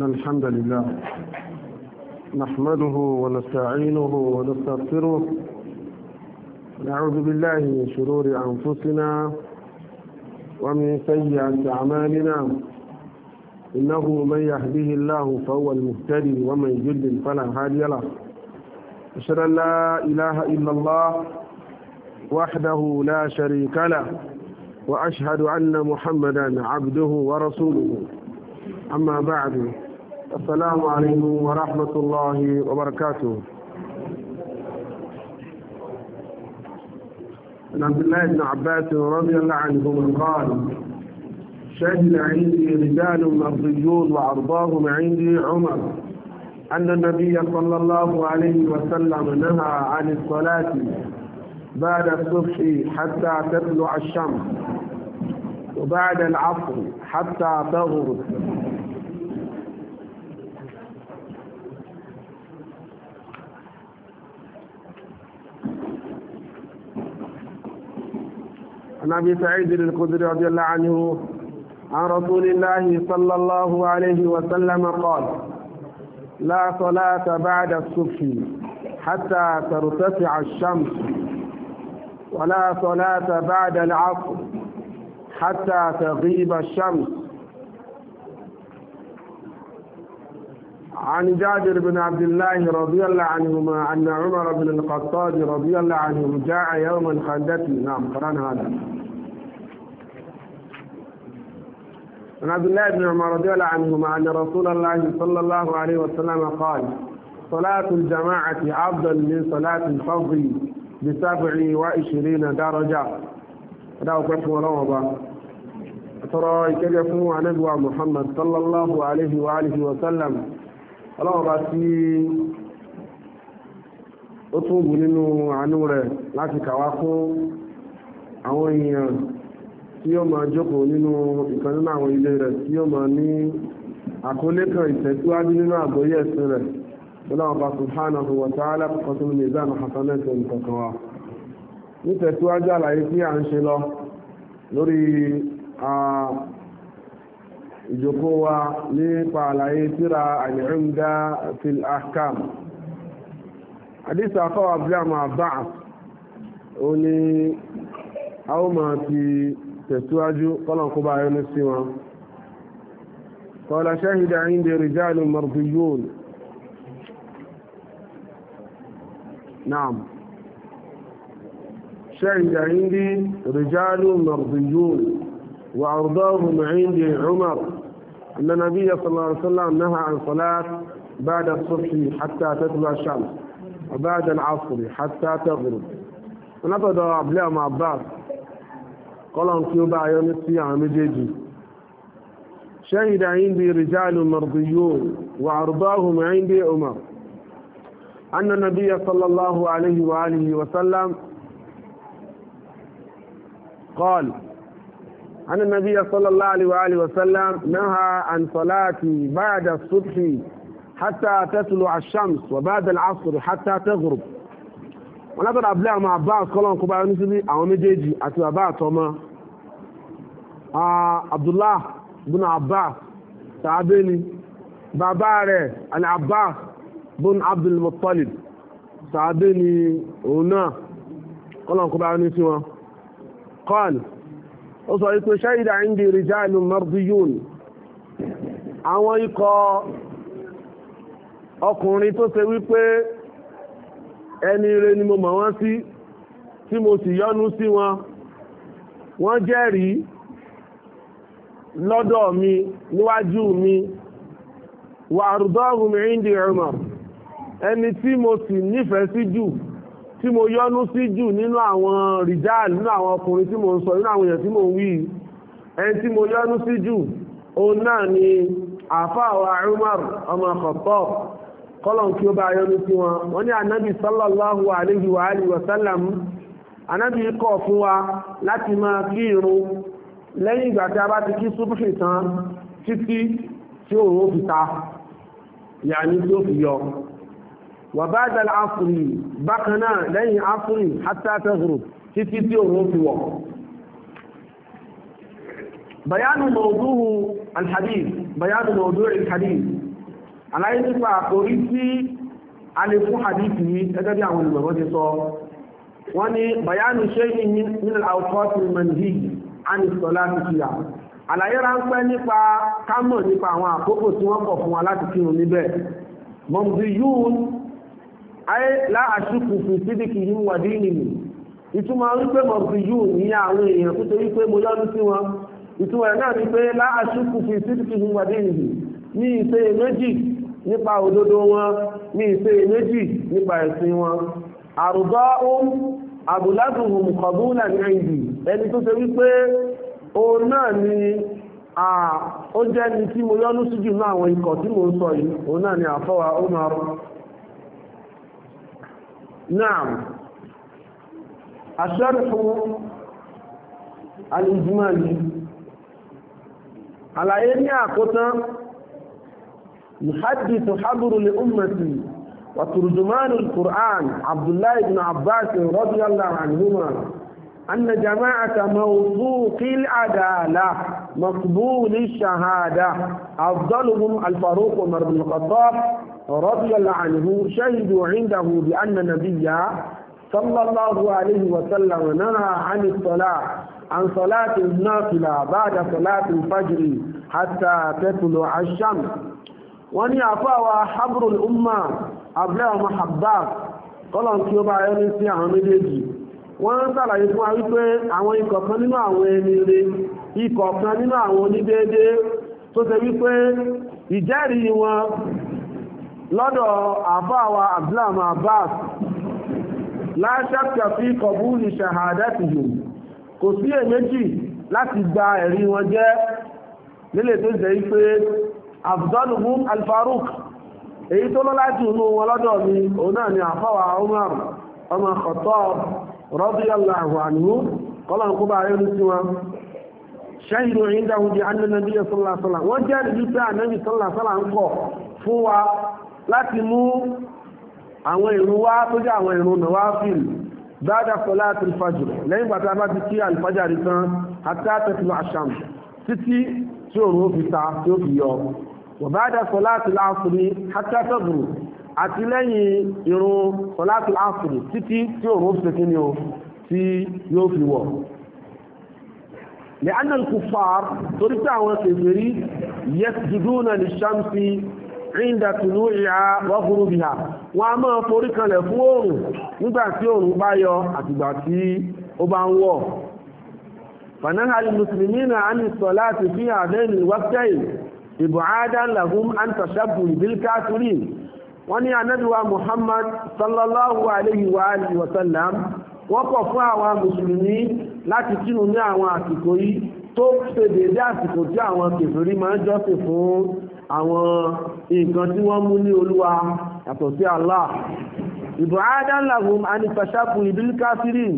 الحمد لله نحمده ونستعينه ونستغفره نعوذ بالله من شرور أنفسنا ومن سيئة أعمالنا إنه من يهديه الله فهو المهتدي ومن يجد فلا هادي له أشهد أن لا إله إلا الله وحده لا شريك له وأشهد أن محمدا عبده ورسوله أما بعد السلام عليكم ورحمة الله وبركاته عن عبد الله بن عباس رضي الله عنهما قال شهد عندي رجال مرضيون وأرضاهم عندي عمر أن النبي صلى الله عليه وسلم نهى عن الصلاة بعد الصبح حتى تطلع الشمس وبعد العصر حتى تغرب عن أبي سعيد الخدري رضي الله عنه عن رسول الله صلى الله عليه وسلم قال لا صلاة بعد الصبح حتى ترتفع الشمس ولا صلاة بعد العصر حتى تغيب الشمس عن جابر بن عبد الله رضي الله عنهما أن عمر بن الخطاب رضي الله عنه جاء يوم الخندق نعم قرآن هذا عن عبد الله بن عمر رضي الله عنهما أن رسول الله صلى الله عليه وسلم قال صلاة الجماعة أفضل من صلاة الفرض بسبع وعشرين درجة هذا هو رمضان ترى كيف محمد صلى الله عليه وآله وسلم ọlọ́run bá tí ó tún wù nínú àánú rẹ̀ láti kàwá fún àwọn èèyàn tí ó máa jókòó nínú ìkan nínú àwọn ilé rẹ̀ tí ó máa ní àkọlé kan ìtẹ̀síwájú nínú àgbọ́yé ẹ̀sìn rẹ̀ ọlọ́run bá subhanahu wa ta'ala kan tó lè dáná hasanẹ́tì nǹkan wa nítẹ̀síwájú àlàyé tí à ń ṣe lọ lórí جوكوا لي قال اي ترى العمدة في الاحكام حديث اخو عبد الله بن عباس اني او ما في تسواجو قال ان كبا ينسوا قال شهد عندي رجال مرضيون نعم شهد عندي رجال مرضيون وأرضاهم عندي عمر أن النبي صلى الله عليه وسلم نهى عن صلاة بعد الصبح حتى تطلع الشمس وبعد العصر حتى تغرب ونبدا عبد الله مع بعض قال في يوبا يوم عام جيجي شهد عندي رجال مرضيون وعرضاهم عندي عمر أن النبي صلى الله عليه وآله وسلم قال أن النبي صلى الله عليه وآله وسلم نهى عن صلاة بعد الصبح حتى تطلع الشمس وبعد العصر حتى تغرب wọ́n látọ̀dọ̀ abúlé àwọn àbá àkọ́lọ́n kó bá yọ nítorí àwọn méjèèjì àti bàbá àtọmọ Abdullah bin Abbas sàábẹ́ni bàbá rẹ̀ àni Abbas bin Abdul Muttalib sàábẹ́ni òun náà kọ́lọ́n kó bá yọ nítorí wọn kọ́ọ̀lù ó sọ wípé ṣáìdà indi rijalun mardiyun àwọn ikọ̀ ọkùnrin tó ṣe wípé ẹni ire ni mo mọ̀ wọ́n sí tí mo sì yọ́nú sí wọn wọ́n jẹ́rìí lọ́dọ̀ mi níwájú mi wà àrùdọ́rùn mi indi Umar ẹni tí mo sì nífẹ̀ẹ́ sí jù tí mo yọ́nú sí jù nínú àwọn rìjáàl nínú àwọn ọkùnrin tí mo ń sọ nínú àwọn èèyàn tí mo ń wí ẹni tí mo yọ́nú sí jù òun náà ni àfáàwà Umar ọmọ Khattab kọ́lọ̀ kí ó bá yọ́nú sí wọn wọ́n ní anábì sallallahu alayhi wa alihi wa sallam anábì kọ̀ fún wa láti máa kí irun lẹ́yìn ìgbà tí a bá ti kí súbùsì tán títí tí òun ó fi ta yàní tí ó fi yọ wà bá dàlá àfùrì bákan náà lẹ́yìn àfùrì hátàtàgùrù títí tí òun fi wọ̀. bayanu mawduhu alhadith bayanu mawduhu alhadith aláyé nípa àkórí tí a lè fún hadith yìí gẹ́gẹ́ bí àwọn olùgbọ̀n ti sọ wọ́n ní bayanu shay'in min al-awqat al-manhi an as-salati fiha àlàyé ránpẹ́ nípa kámọ̀ nípa àwọn àkókò tí wọ́n kọ̀ fún wa láti kírun níbẹ̀ mọ̀mùsí yóò ayé láàṣùkù fi sídìkì yìí wà dínì mi ìtumọ̀ wípé mọ̀fì yóò ní àwọn èèyàn tó torí pé mo yọ́nú sí wọn ìtumọ̀ rẹ̀ náà ni pé láàṣùkù fi sídìkì yìí wà dínì mi ní ìṣe méjì nípa òdodo wọn ní ìṣe méjì nípa ẹ̀sìn wọn àrùbọ́ ohun àbùládùn kọ̀bùnà ní ẹ̀yìn ẹni tó ṣe wípé òun náà ni ó jẹ́ ni tí mo sí jù náà àwọn ikọ̀ tí mo sọ yìí ni àfọwà ó نعم الشرح الإجمالي على أين أقطع يحدث حبر لأمتي وترجمان القرآن عبد الله بن عباس رضي الله عنهما أن جماعة موثوق العدالة مقبول الشهادة أفضلهم الفاروق عمر بن الخطاب رضي الله عنه شهدوا عنده بأن النبي صلى الله عليه وسلم نهى عن الصلاة عن صلاة النافلة بعد صلاة الفجر حتى تطلع الشمس وني أفاوى حبر الأمة أبلغ محبات قالوا كي يبقى يرسي عن مديجي wọ́n sàlàyé fún wa wípé àwọn ikọ̀ kan nínú àwọn ẹni rẹ̀ ikọ̀ kan nínú wípé ìjẹ́rìí wọn lọ́dọ̀ àbáwa abdullahi abbas láṣàkà kọ̀bú ní ṣàhádátìhì kò sí èméjì láti gba ẹ̀rí wọn jẹ́ nílé tó jẹ́ pé afdalhum alfaruk èyí tó lọ́lá jù nú wọn lọ́dọ̀ mi òun ni Umar ọmọ Khattab radiyallahu anhu kọ́lọ̀n kó láti mú àwọn ìrun wá tó jẹ́ àwọn ìrun náà wá fìlì bájá sọlá àti ìfàjù lẹ́yìn bàtà bá ti kí àlùfájà rí tán àti àtẹ̀tìmọ̀ àṣàm títí tí òòrùn fi ta tí ó fi yọ wàbájá sọlá àti láàfùrí àti àtẹ̀gùrù àti lẹ́yìn ìrun sọlá àti láàfùrí títí tí òòrùn fi kíni o tí yóò fi wọ̀ lẹ́yìn kùfà torí pé àwọn kèfèrí yẹtùdúnà ríndà tùnú ìhà wọ́gúrú bìhà wọ́n a máa forí kanlẹ̀ fún oòrùn nígbà tí oòrùn bá yọ àtìgbà tí ó bá ń wọ̀ fanaha musulmi na ani sọlá ti fi àdẹ́ni wákẹ́yì ìbò ádán lahum an tashabbu bil kafirin wọ́n ní anábíwa muhammad sallallahu alayhi wa alihi wa sallam wọ́n kọ̀ fún àwọn mùsùlùmí láti kírun ní àwọn àsìkò yìí tó ṣe déédé àsìkò tí àwọn kèfèrí máa ń jọ́sìn fún àwọn nǹkan tí wọ́n mú ní olúwa yàtọ̀ sí Allah ìbò adánláhùn anifashapu ìbílíkásírì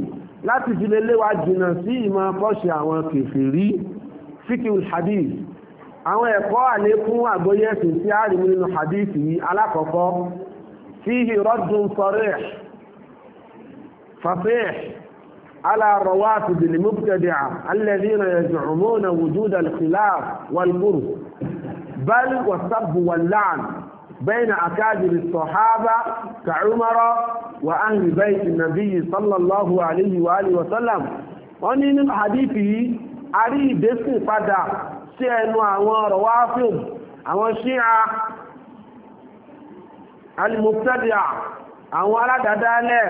láti fi lè léwa jìnnà sí ìmọ̀ kọ́ṣe àwọn kèfèrí fíkìl hadith àwọn ẹ̀kọ́ àlékún àgbóyé ẹ̀sìn tí a hadith yìí alákọ̀ọ́kọ́ fihi raddun sarih على رواتب المبتدعة الذين يزعمون وجود الخلاف والبرد بل والسب واللعن بين أكابر الصحابة كعمر وأهل بيت النبي صلى الله عليه وآله وسلم wọ́n ní nínú àdífì yìí a rí ìdésìn padà sí ẹnu àwọn rọwáfíùn àwọn ṣíà alìmọ̀tẹ́dìà àwọn aládàdálẹ̀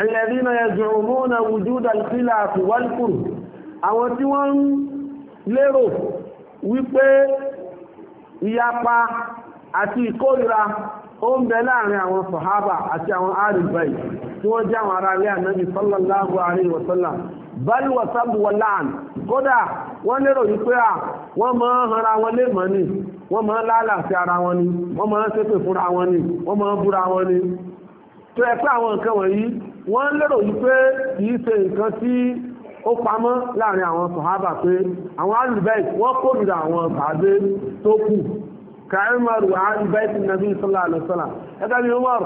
alẹ́rìnà ẹ̀zùrùmọ́nà wùjúdà ìpìlà àti wálkùrù àwọn tí wọ́n ń lérò wípé Iyapa àti ìkórira ó láàrin àwọn sọ̀hábà àti àwọn arìnbẹ̀yì tí wọ́n jẹ́ àwọn ará ilé ànábì sallallahu alaihi wasallam bal wa kódà wọ́n lérò wípé à wọ́n wọn lè mọ́ ni wọ́n ara wọn ni wọ́n wọn ni wọ́n máa wọn ni tó pé àwọn nǹkan wọ̀nyí wọ́n lérò wípé kì í se nǹkan ó pamọ́ láàrin àwọn sọ̀hábà pé àwọn alùbẹ́ẹ̀t wọ́n kórìíra àwọn sàádé tó kù kàímọ̀rù alùbẹ́ẹ̀t nàbí sọ́lá àlọ́sọ́lá ẹgbẹ́ bí Umar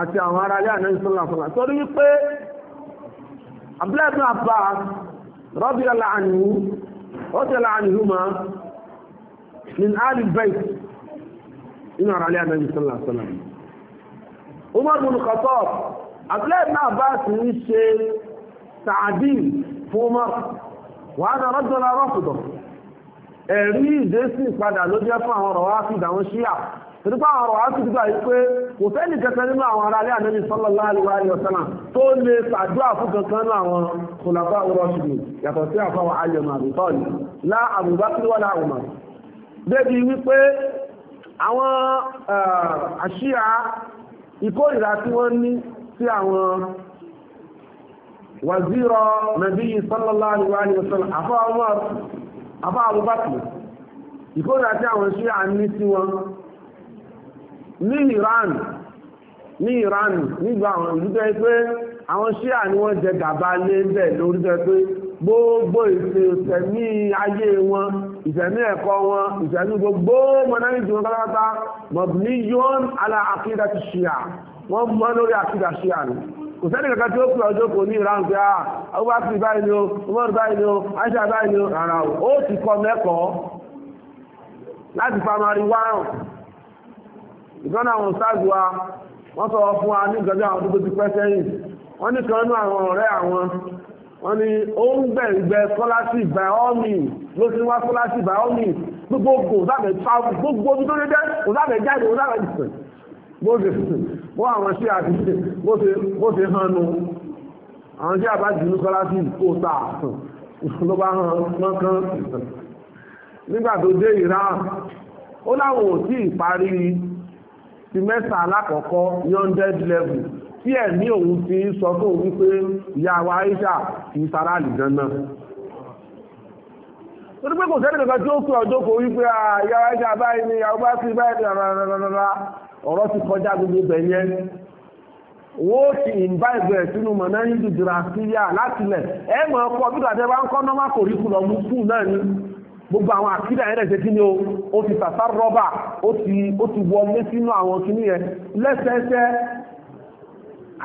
àti àwọn ará ilé àná sọ́lá sọ́lá torí wípé Abdullahi bin Abbas radiyallahu anhu radiyallahu anhuma min na fún Umar wà á dára jọra rọ́pùtọ̀ ẹ̀rí ìdésì padà ló jẹ́ fún àwọn ọ̀rọ̀ wá sí ìdáwọn ṣíà nípa àwọn ọ̀rọ̀ wá sí ìdígbà yìí pé kò sẹ́ni kẹta nínú àwọn ará alẹ́ ànẹ́bí sallallahu alaihi wasallam tó lè ṣàdúrà fún kankan nínú àwọn khulafa ar-rashidin yàtọ̀ sí àfọwọ́ alẹ́mọ̀ àbùtọ́ọ̀lì lá Abu Bakr wala Umar débi wípé àwọn àṣíà eh, ìkórìíra tí wọ́n ní sí àwọn wàzírọ̀ nàbí sallallahu alaihi wa sallam àfọ́ Umar àfọ́ Abubakar ìkórà tí àwọn ṣe à ní sí wọn ní Iran ní Iran nígbà àwọn ìlúgbẹ́ pé àwọn ṣe à ní wọ́n jẹ gàba lé bẹ́ẹ̀ lórí bẹ́ẹ̀ pé gbogbo ìsẹ̀mí ayé wọn ìsẹ̀mí ẹ̀kọ́ wọn ìsẹ̀mí gbogbo mọ̀nàmíjì wọn pátápátá mọ̀bí yọ́n ala àkídà ti ṣíà wọ́n mọ́ lórí àkídà ṣíà ni kò sẹ́ni kankan tí ó kú ọjọ́ kò ní ìran pé ah, báyìí ni o báyìí ni aisha báyìí ni o rárá ó ti kọ mẹ́kọ̀ọ́ láti pamari àwọn sáàzù wa wọ́n sọ fún wa ní àwọn tó ti pẹ́ sẹ́yìn wọ́n ní kan nú àwọn ọ̀rẹ́ àwọn wọ́n ní ó ń gbẹ̀gbẹ́ by all ló ti wá by gbogbo bó àwọn sí àti bó ṣe hánu àwọn sí àbájú ní kọ́lá sí ìkóta ló bá hàn kankan nígbà tó dé Iran ó láwọn ò tí ìparí simẹ́sà alákọ̀ọ́kọ́ yọ́ndẹ́d level tí ẹ̀mí òun ti sọ fún òun wípé ìyá wa Aisha kì í torí pé kò sẹ́ni kankan tí ó pè ọjọ́ kò wípé àyàwó ẹja báyìí ni àwọn bá fi báyìí rárá ọ̀rọ̀ ti kọjá gbogbo ibẹ̀ yẹn wọ́n ti ìmbá ìgbẹ́ sínú mọ̀nà yíjú jìrà síyà láti lẹ̀ ẹ mọ̀ ọkọ̀ bí gbàdé bá ń kọ́ nọ́mà kò rí kùnà mú fún náà ni gbogbo àwọn àkídà yẹn lẹ́sẹ̀ kí ni o ó ti tàtà rọ́bà ó ti wọlé sínú àwọn kìíní yẹn lẹ́sẹẹsẹ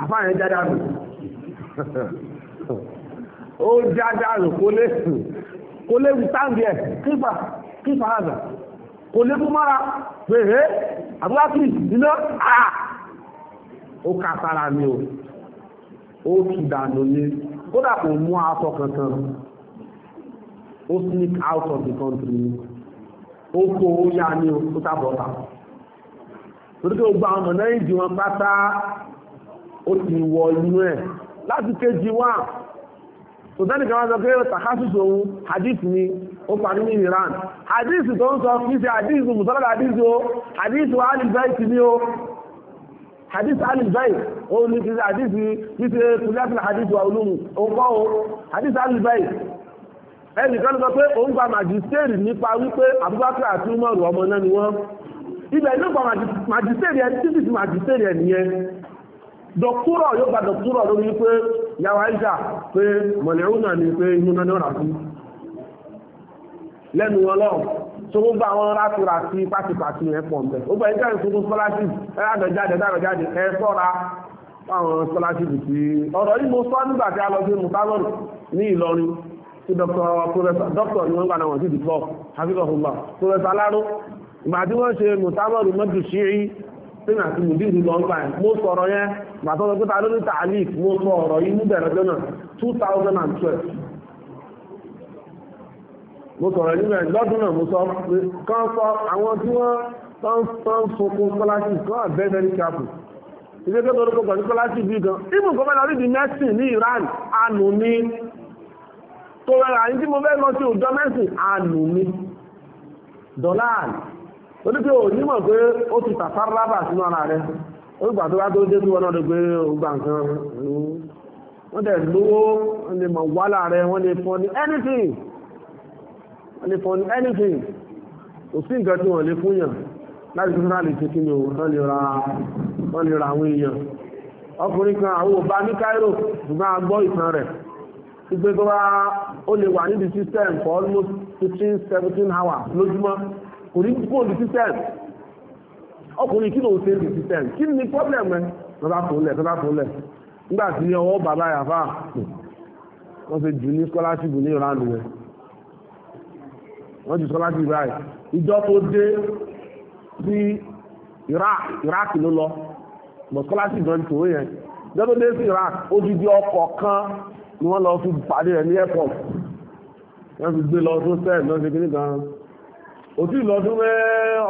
àfáàyàn jáde àrùn ó jáde àrùn kó lè sùn kò lè wù táǹdì ẹ̀ kífà kífà àzà kò lè mú mọ́ra pèhé iná àà ó kàtàrà ní o ó kìdànù ní kódà kò mú aṣọ kankan ó sneak out of the country ní ó kó ó yá ní o tó tàbọ̀tà torí pé gbogbo àwọn ọmọ náà ìjì pátá ó ti wọ inú ẹ̀ láti kéjì wá sọ̀tẹ́nì kan wá sọ pé tàkásùsù ohun hadith ni ó parí Iran hadith tó ń sọ kí hadith hadith o hadith wa alibait ni o hadith alibait ó ní kí hadith kí ṣe kùlẹ́sìlẹ̀ hadith wa kọ́ o hadith alibait kan sọ pé gba nípa wípé Abubakar àti ọmọ náà ni wọ́n ibẹ̀ dọ̀kúrọ̀ yóò gba dọ̀kúrọ̀ lórí pé yàwá ìjà pé mọ̀lẹ́rún náà ni pé inú náà ní ọ̀nà sí lẹ́nu ọlọ́run tó gbogbo àwọn rátura sí pátipàti rẹ̀ pọ̀ mẹ́ ó bẹ̀rẹ̀ jẹ́ ìfúnfún scholarship ẹ̀rọ jáde dáàrọ̀ jáde ẹ sọ́ra fáwọn scholarship sí ọ̀rọ̀ yìí mo sọ nígbà tí a lọ sí mutazọ́rù ní Ìlọrin ni wọ́n gbà náà wọ́n sí dìpọ̀ hafizahullah pòfẹ́sà aláró ìgbà tí wọ́n ṣe mutazọ́rù mọ́tò ṣírí sínú àti mùdírù lọ ń báyìí mo sọ̀rọ̀ yẹn màtọ́ lọ pẹ́ta lórí tààlìk mo sọ ọ̀rọ̀ yìí ní bẹ̀rẹ̀ lọ́nà 2012 mo sọ̀rọ̀ yìí bẹ̀rẹ̀ lọ́dún náà mo sọ pé kán sọ àwọn tí wọ́n tán tán sunkún scholarship kan are very very careful ilé tó lórúkọ pẹ̀lú scholarship bí gan even kò fẹ́ lọ rí di nursing ní Iran àánú ni tó rẹ̀ àyín tí mo fẹ́ lọ sí òjò nursing àánú ni dọ́là àná torí pé ò nímọ̀ pé ó ti tàfà rábà sínú ara rẹ̀ orúkọ àti wá tó dé sí wọn náà pé ó gbà nǹkan wọ́n tẹ̀ lówó wọ́n lè mọ̀ wá láàrẹ̀ wọ́n lè fún ní anything wọ́n lè fún ní anything kò sí nǹkan tí wọ́n lè fún yàn láti tún náà lè ṣe kí ni òun tán lè ra àwọn èèyàn ọkùnrin kan àwọn òbá ní Cairo ṣùgbọ́n a gbọ́ ìtàn rẹ̀ wípé tó ó lè wà níbi system for almost fifteen seventeen hours lójúmọ́ kò ní kó ní system ọkùnrin kí ló ń ṣe ní system kí ni problem ẹ tọ́lá tó lẹ̀ tọ́lá tó lẹ̀ nígbà tí ọwọ́ bàbá yàfa wọ́n ṣe jù ní scholarship ní ìranù rẹ̀ wọ́n ti scholarship báyìí ìjọ tó dé sí Iraq Iraq ló lọ but scholarship náà tó yẹn ìjọ tó dé sí Iraq odidi ọkọ̀ kan ni wọ́n lọ fi pàdé rẹ̀ ní airport wọ́n fi gbé lọ sí hostel lọ́sẹ̀ kìnnìkan òtí ìlọ́dún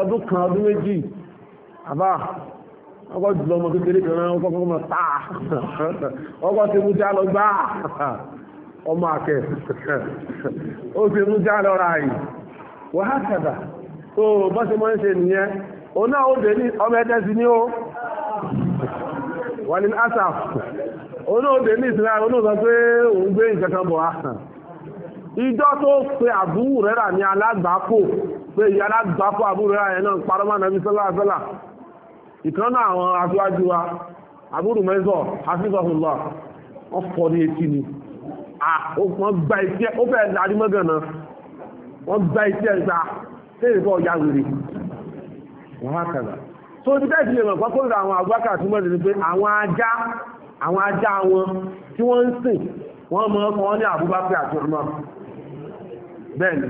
ọdún kan ọdún méjì àbá ọkọ̀ jùlọ ọmọ kékeré kan ọkọ̀ táà ọkọ̀ tí mú já lọ gbá ọmọ àkẹ́ ó mú já lọ ráàyè wọ́n á kàdà tó máa ń ṣe nìyẹn òun náà ó dé ní ọmọ ẹ̀dẹ́ sí ó wà ní asaf òun náà ó dé ní ìsinmi àwọn pé òun pé ìyá alágbàpọ̀ àbúrò ayẹ̀ náà parọ́mọ́ nàbí sọ́lá àfẹ́là ìkànnà àwọn aṣíwájú wa àbúrò mẹ́sọ̀ hafizahullah wọ́n ní etí ni gba ó fẹ́ gba fọ́ ya lè mọ̀ lọ àwọn àgbákà tí wọ́n pé àwọn ajá àwọn ajá wọn tí wọ́n ń sìn wọ́n mọ̀ ọ́ ní àti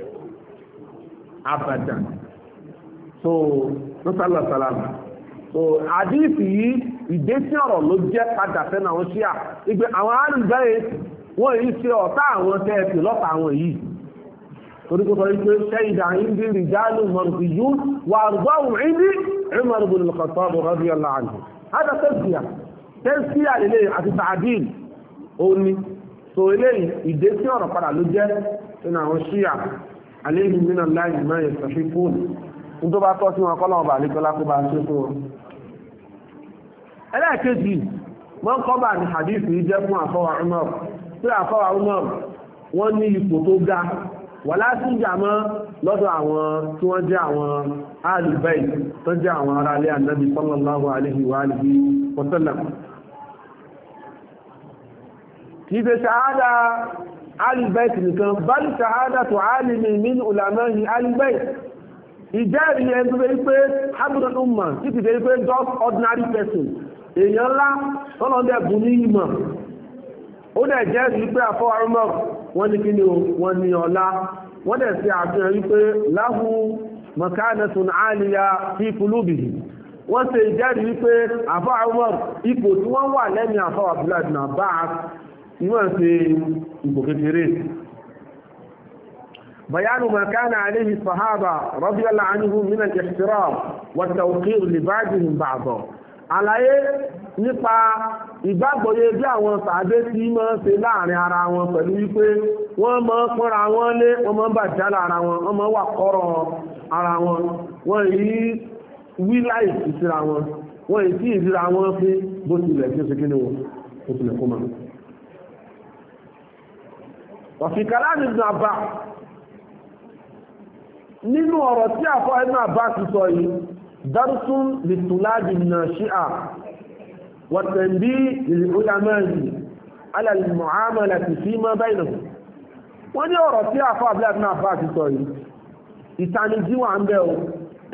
abadan so nusala salama so àdìsí yìí yi ọ̀rọ̀ ló jẹ́ padà fẹ́ náà wọ́n ṣíà ìgbé àwọn àrùbẹ́yẹ wọ́n yìí ṣe ọ̀tá àwọn tẹ́ẹ̀tì lọ́tà àwọn yìí torí kò sọ pé ṣẹ́yìdà ìdí rìjálù mọ̀rùkì yìí wà àrùbáwù ìdí Umar ibn al-Khattab radiyallahu àti òní so eléyìí ọ̀rọ̀ padà ló jẹ́ ṣíà àléhì mínà láì máa yẹ̀sọ̀ sí fóònù ní tó bá tọ́ sí wọn kọ́lọ̀ ọba àlékọ́lá kó bá ṣe fún wọn. ẹlẹ́ẹ̀kejì wọ́n kọ́bà ní hadith yìí jẹ́ fún àfọwà umar tí àfọwà umar wọ́n ní ipò tó ga wà láti ìjà mọ́ lọ́dọ̀ àwọn tí wọ́n jẹ́ àwọn alùbẹ́ì tó jẹ́ àwọn ará ilé ànábì sallallahu alaihi wa alihi wa sallam kìí ṣe alibẹ́ẹ̀tì nìkan bal shahadatu alimin min ulamahi alibẹ́ẹ̀tì ìjẹ́rìí ẹni tó fẹ́ pé hamdul umar títí fẹ́ pé just ordinary person èèyàn ńlá tọ́lọ́dẹ̀ bù ní ìmọ̀ ó dẹ̀ jẹ́rìí pé àfọwárúmọ̀ wọ́n ní kí ni wọ́n ní ọlá wọ́n dẹ̀ ṣe àfihàn wípé fi wọ́n wípé àfọwárúmọ̀ ipò tí wọ́n wà lẹ́yìn àfọwárúmọ̀ ìwọ̀n ṣe ipò kékeré بيان ما كان عليه الصحابة رضي الله عنهم من الاحترام والتوقير لبعضهم بعضا àlàyé nípa ìgbàgbọ́yé bí àwọn sàádé tí máa ń ṣe láàrin ara wọn pẹ̀lú wípé wọ́n máa ń pọ́nra wọn lé wọ́n máa ń bà jálà ara wọn wọ́n máa wà kọ́rọ̀ ara wọn wọ́n yí wí láì sí síra wọn wọ́n yí sí ìríra wọn fi bó tilẹ̀ tí ó ṣe kí ni wọn bó tilẹ̀ kó máa wàfi kàláàmì ibn Abbas nínú ọ̀rọ̀ tí àfọ́ ibn Abbas ti sọ yìí dárúsùn lìtùláàdì nà ṣíà wàtẹ̀mbí ìlúlámẹ́rin alàlùmọ̀hámẹ́lá ti fi mọ́ bẹ́ẹ̀nà wọ́n ní ọ̀rọ̀ tí àfọ́ ibn Abbas ti sọ yìí ìtanijí wà ń bẹ o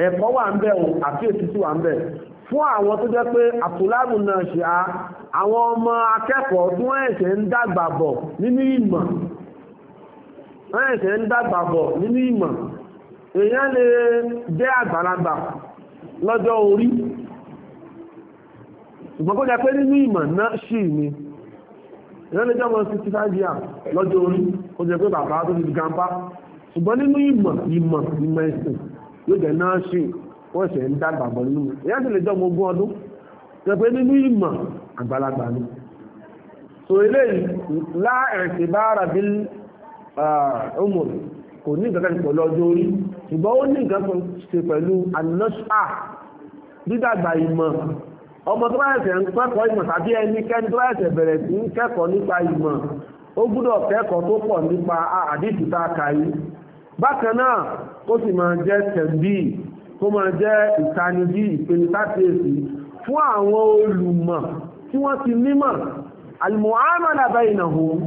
ẹ̀kọ́ wà ń bẹ o àfíèsí fún àwọn tó jẹ́ pé àtùláàmù náà ṣe àwọn ọmọ akẹ́kọ̀ọ́ tí ẹ̀ṣẹ̀ ń dàgbà nínú ìmọ̀ wọ́n ẹ̀sẹ̀ ń dàgbà bọ̀ nínú ìmọ̀ èèyàn lè jẹ́ àgbàlagbà lọ́jọ́ orí ṣùgbọ́n kó jẹ́ pé nínú ìmọ̀ náà ṣì ni èèyàn lè jọ́mọ 65 years lọ́jọ́ orí kó jẹ́ pé bàbá tó fi gàmpá ṣùgbọ́n nínú ìmọ̀ ìmọ̀ ìmọ̀ ẹ̀sìn yóò jẹ́ náà ṣì wọ́n ẹ̀sẹ̀ ń dàgbà bọ̀ nínú èèyàn sì lè jọ́mọ ogún ọdún jẹ́ pé nínú ìmọ̀ àgbàlagbà ni so eléyìí láẹ̀sìn bá ara bí ọmọ ah, kò ní nǹkan kan pẹ̀lú ọjọ́ orí ṣùgbọ́n ó ní nǹkan kan ṣe pẹ̀lú anọ́ṣà dídàgbà ìmọ̀ ọmọ tó bá ẹ̀sẹ̀ ń kẹ́kọ̀ọ́ ìmọ̀ tàbí ẹnikẹ́ni tó bá ẹ̀sẹ̀ bẹ̀rẹ̀ sí ń kẹ́kọ̀ọ́ nípa ìmọ̀ ó gbúdọ̀ kẹ́kọ̀ọ́ tó pọ̀ nípa àdìsí a kà yìí bákan náà ó sì máa jẹ́ tẹ̀bí kó máa jẹ́ ìtanijí ìpinnu sáfíyèsí fún àwọn olùmọ̀ àmàlà báyìí nà hùn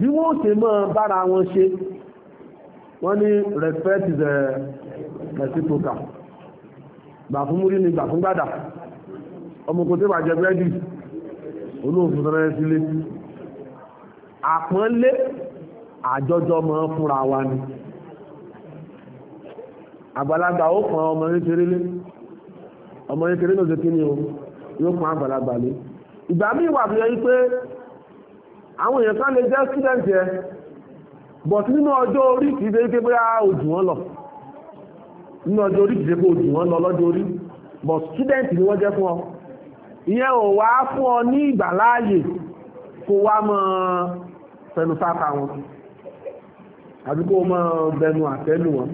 bí wọ́n ṣe mọ́ bára wọn ṣe wọ́n ní respect the eh, reciprocal gbà fún múrí ni gbà fún gbàdà ọmọkùn tí wà jẹ búrẹ́dì olóòfin tó rẹ̀ sílé àpọ́nlé àjọjọ mọ́ fúnra wa ni àgbàlagbà ó pọn ọmọ kékeré lé ọmọ kékeré ló ṣe kí ni o yóò pọn àgbàlagbà lé ìgbà míì wà fi yẹ wípé àwọn èèyàn kan lè jẹ́ student yẹ but nínú ọjọ́ orí kìí ṣe pé bóyá ojú wọn lọ nínú ọjọ́ orí kìí ṣe pé ojú wọn lọ lọ́jọ́ orí but student ni wọ́n jẹ́ fún ọ ìyẹn ò wá fún ọ ní ìgbàláàyè kó wá mọ́ fẹnu sáka wọn àbí kó mọ́ bẹnu àtẹ́lù wọn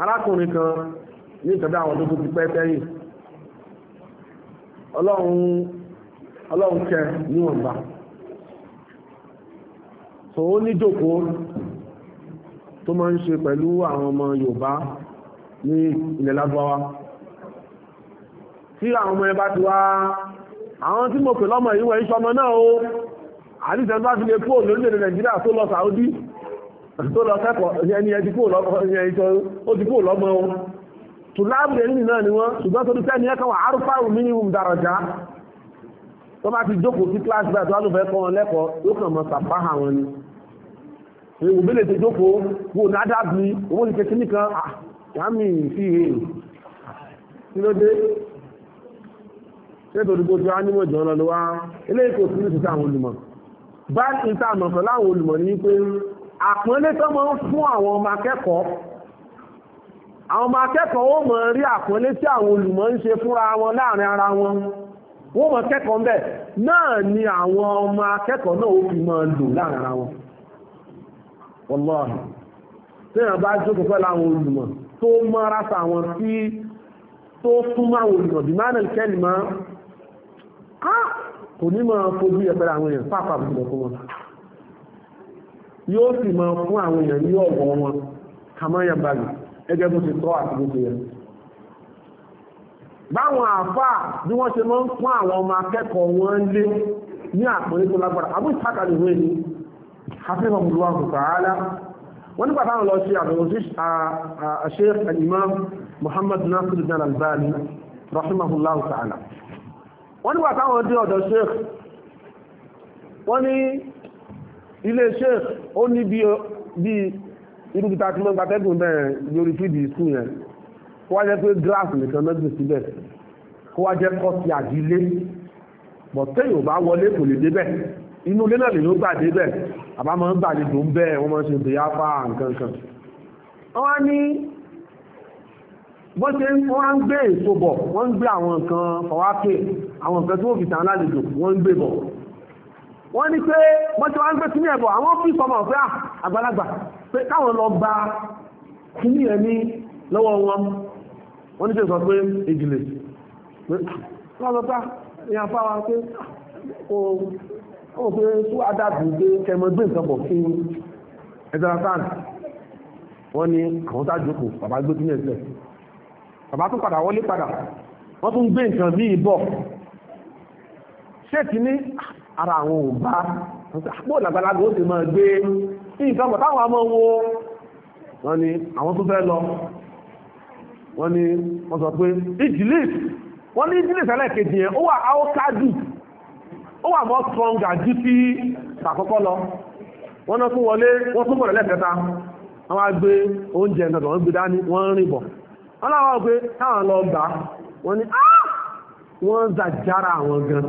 arákùnrin kan ní ìtọ́jú àwọn tó ti pẹ́ sẹ́yìn ọlọ́run ọlọ́run kẹ níwọ̀nba tó ó ní jòkó tó máa ń ṣe pẹ̀lú àwọn ọmọ Yorùbá ní ilẹ̀ lágbáwá tí àwọn ọmọ ẹ bá ti wá àwọn tí mo pè lọ́mọ ìwẹ̀ ìṣọmọ náà o àdìsẹ́ bá fi lè kúrò lórílẹ̀-èdè Nàìjíríà tó lọ Sàúdí tó lọ kẹ́kọ̀ọ́ ẹni ẹ ti kúrò lọ́mọ o tùláàbù ẹni náà ni wọ́n ṣùgbọ́n tó dúpẹ́ ní ẹ̀kọ́ wà árùpáàrù mínimum dàrọ̀já tó bá ti jókòó sí kíláàsì báyìí tó wá ló fẹ́ kọ́ wọn lẹ́kọ̀ọ́ yóò kàn mọ sàpá àwọn ni ewu bẹ́ẹ̀ lè ti jókòó wo nádà bí owó ní kékeré nìkan àmì sí èyí kí ló dé nítorí kó ti wá nímọ̀ ìjọ lọ lọ́wọ́ eléyìí kò sí ní ti sáwọn olùmọ̀ bá ti ta àmọ̀ pẹ̀lú àwọn olùmọ̀ ní pé àpọ́nlé tó máa ń fún àwọn ọmọ akẹ́kọ̀ọ́ àwọn ọmọ akẹ́kọ̀ọ́ ó mọ̀ rí àpọ́nlé tí àwọn olùmọ̀ ń ṣe fúnra wọn láàrin ara wọn wọ́n mọ̀ kẹ́kọ̀ọ́ bẹ́ẹ̀ náà ni àwọn ọmọ akẹ́kọ̀ọ́ náà ó fi máa lò láàrin ara wọn wọlọ́ọ̀hìn téèyàn bá jókòó pẹ̀lú àwọn olùmọ̀ tó mọ́ra sáwọn tí tó súnmọ́ àwọn olùmọ̀ bí máa nàìjíríà kẹ́lì máa á kò ní máa fojú ẹ̀pẹ̀rẹ̀ àwọn èèyàn pápá àbùkù fún wọn yóò sì máa báwọn àfáà bí wọ́n ṣe mọ́ ń pọ́n àwọn ọmọ akẹ́kọ̀ọ́ wọn lé ní àpòrí tó lágbára Abu Ishaq al-Huwaini ni hafizahullahu ta'ala wọ́n nígbà táwọn lọ sí àbẹ̀wò sí Sheikh al-Imam Muhammad Nasiruddin al-Albani rahimahullahu ta'ala wọ́n nígbà táwọn dé Sheikh wọ́n ní Sheikh ó ní bí irúgbìta tí wọ́n gbàtẹ́gùn bẹ́ẹ̀ lórí fídì skul kó wá pé grass nìkan náà gbé síbẹ̀ kó wá jẹ́ kọ́sì àdílé bọ̀tẹ́ yóò bá wọlé kò lè débẹ̀ inú ilé náà lèyìn ó gbà débẹ̀ àbámọ́ ń gbàlejò ń bẹ́ẹ̀ wọ́n máa ń ṣe ìdòyà fa nǹkan kan wọ́n á ní bọ́n ṣe wọ́n ń gbé èso bọ̀ wọ́n ń gbé àwọn nǹkan fọwákè àwọn nǹkan tí wọ́n fi tàn lálejò wọ́n ń gbé bọ̀ wọ́n ní pé wọ́n ti wá ń gbé kíní ẹ̀bọ̀ àwọn fi sọmọ pé ah, àgbàlagbà pé káwọn lọ gba kíní ẹ̀ ní lọ́wọ́ wọn wọ́n ní tí ó sọ pé ìjìnlẹ̀ lọ́lọ́pàá ní afáwa pé ah, ah, ah, ó pé tó adájú pé kẹmọ gbé nǹkan bọ̀ fún ẹ̀dára tán wọ́n ní àwọn tájú kù bàbá gbé kílẹ̀ sílẹ̀ bàbá tún padà wọlé padà wọ́n tún gbé nǹkan bí ìbọ̀ ṣéèkì ní ara àwọn ò bá bó làgbàlagbà ó sì máa gbé nǹkan bọ̀ táwọn amọ́ wo wọ́n ní àwọn tó fẹ́ lọ wọ́n ní wọ́n sọ pé ìjìlìs wọ́n ní ìjìlìs ẹlẹ́ẹ̀kejì ó wà áókádù ó wà mọ́ stronger jù sí tàkọ́kọ́ lọ wọ́n náà tún wọlé wọ́n tún bọ̀rẹ̀ lẹ́ẹ̀kẹta wọ́n á gbé oúnjẹ nàdọ̀ wọ́n gbé dání wọ́n ń rìn bọ̀ wọ́n láwọn táwọn lọ gbà wọ́n ah! wọ́n àwọn gan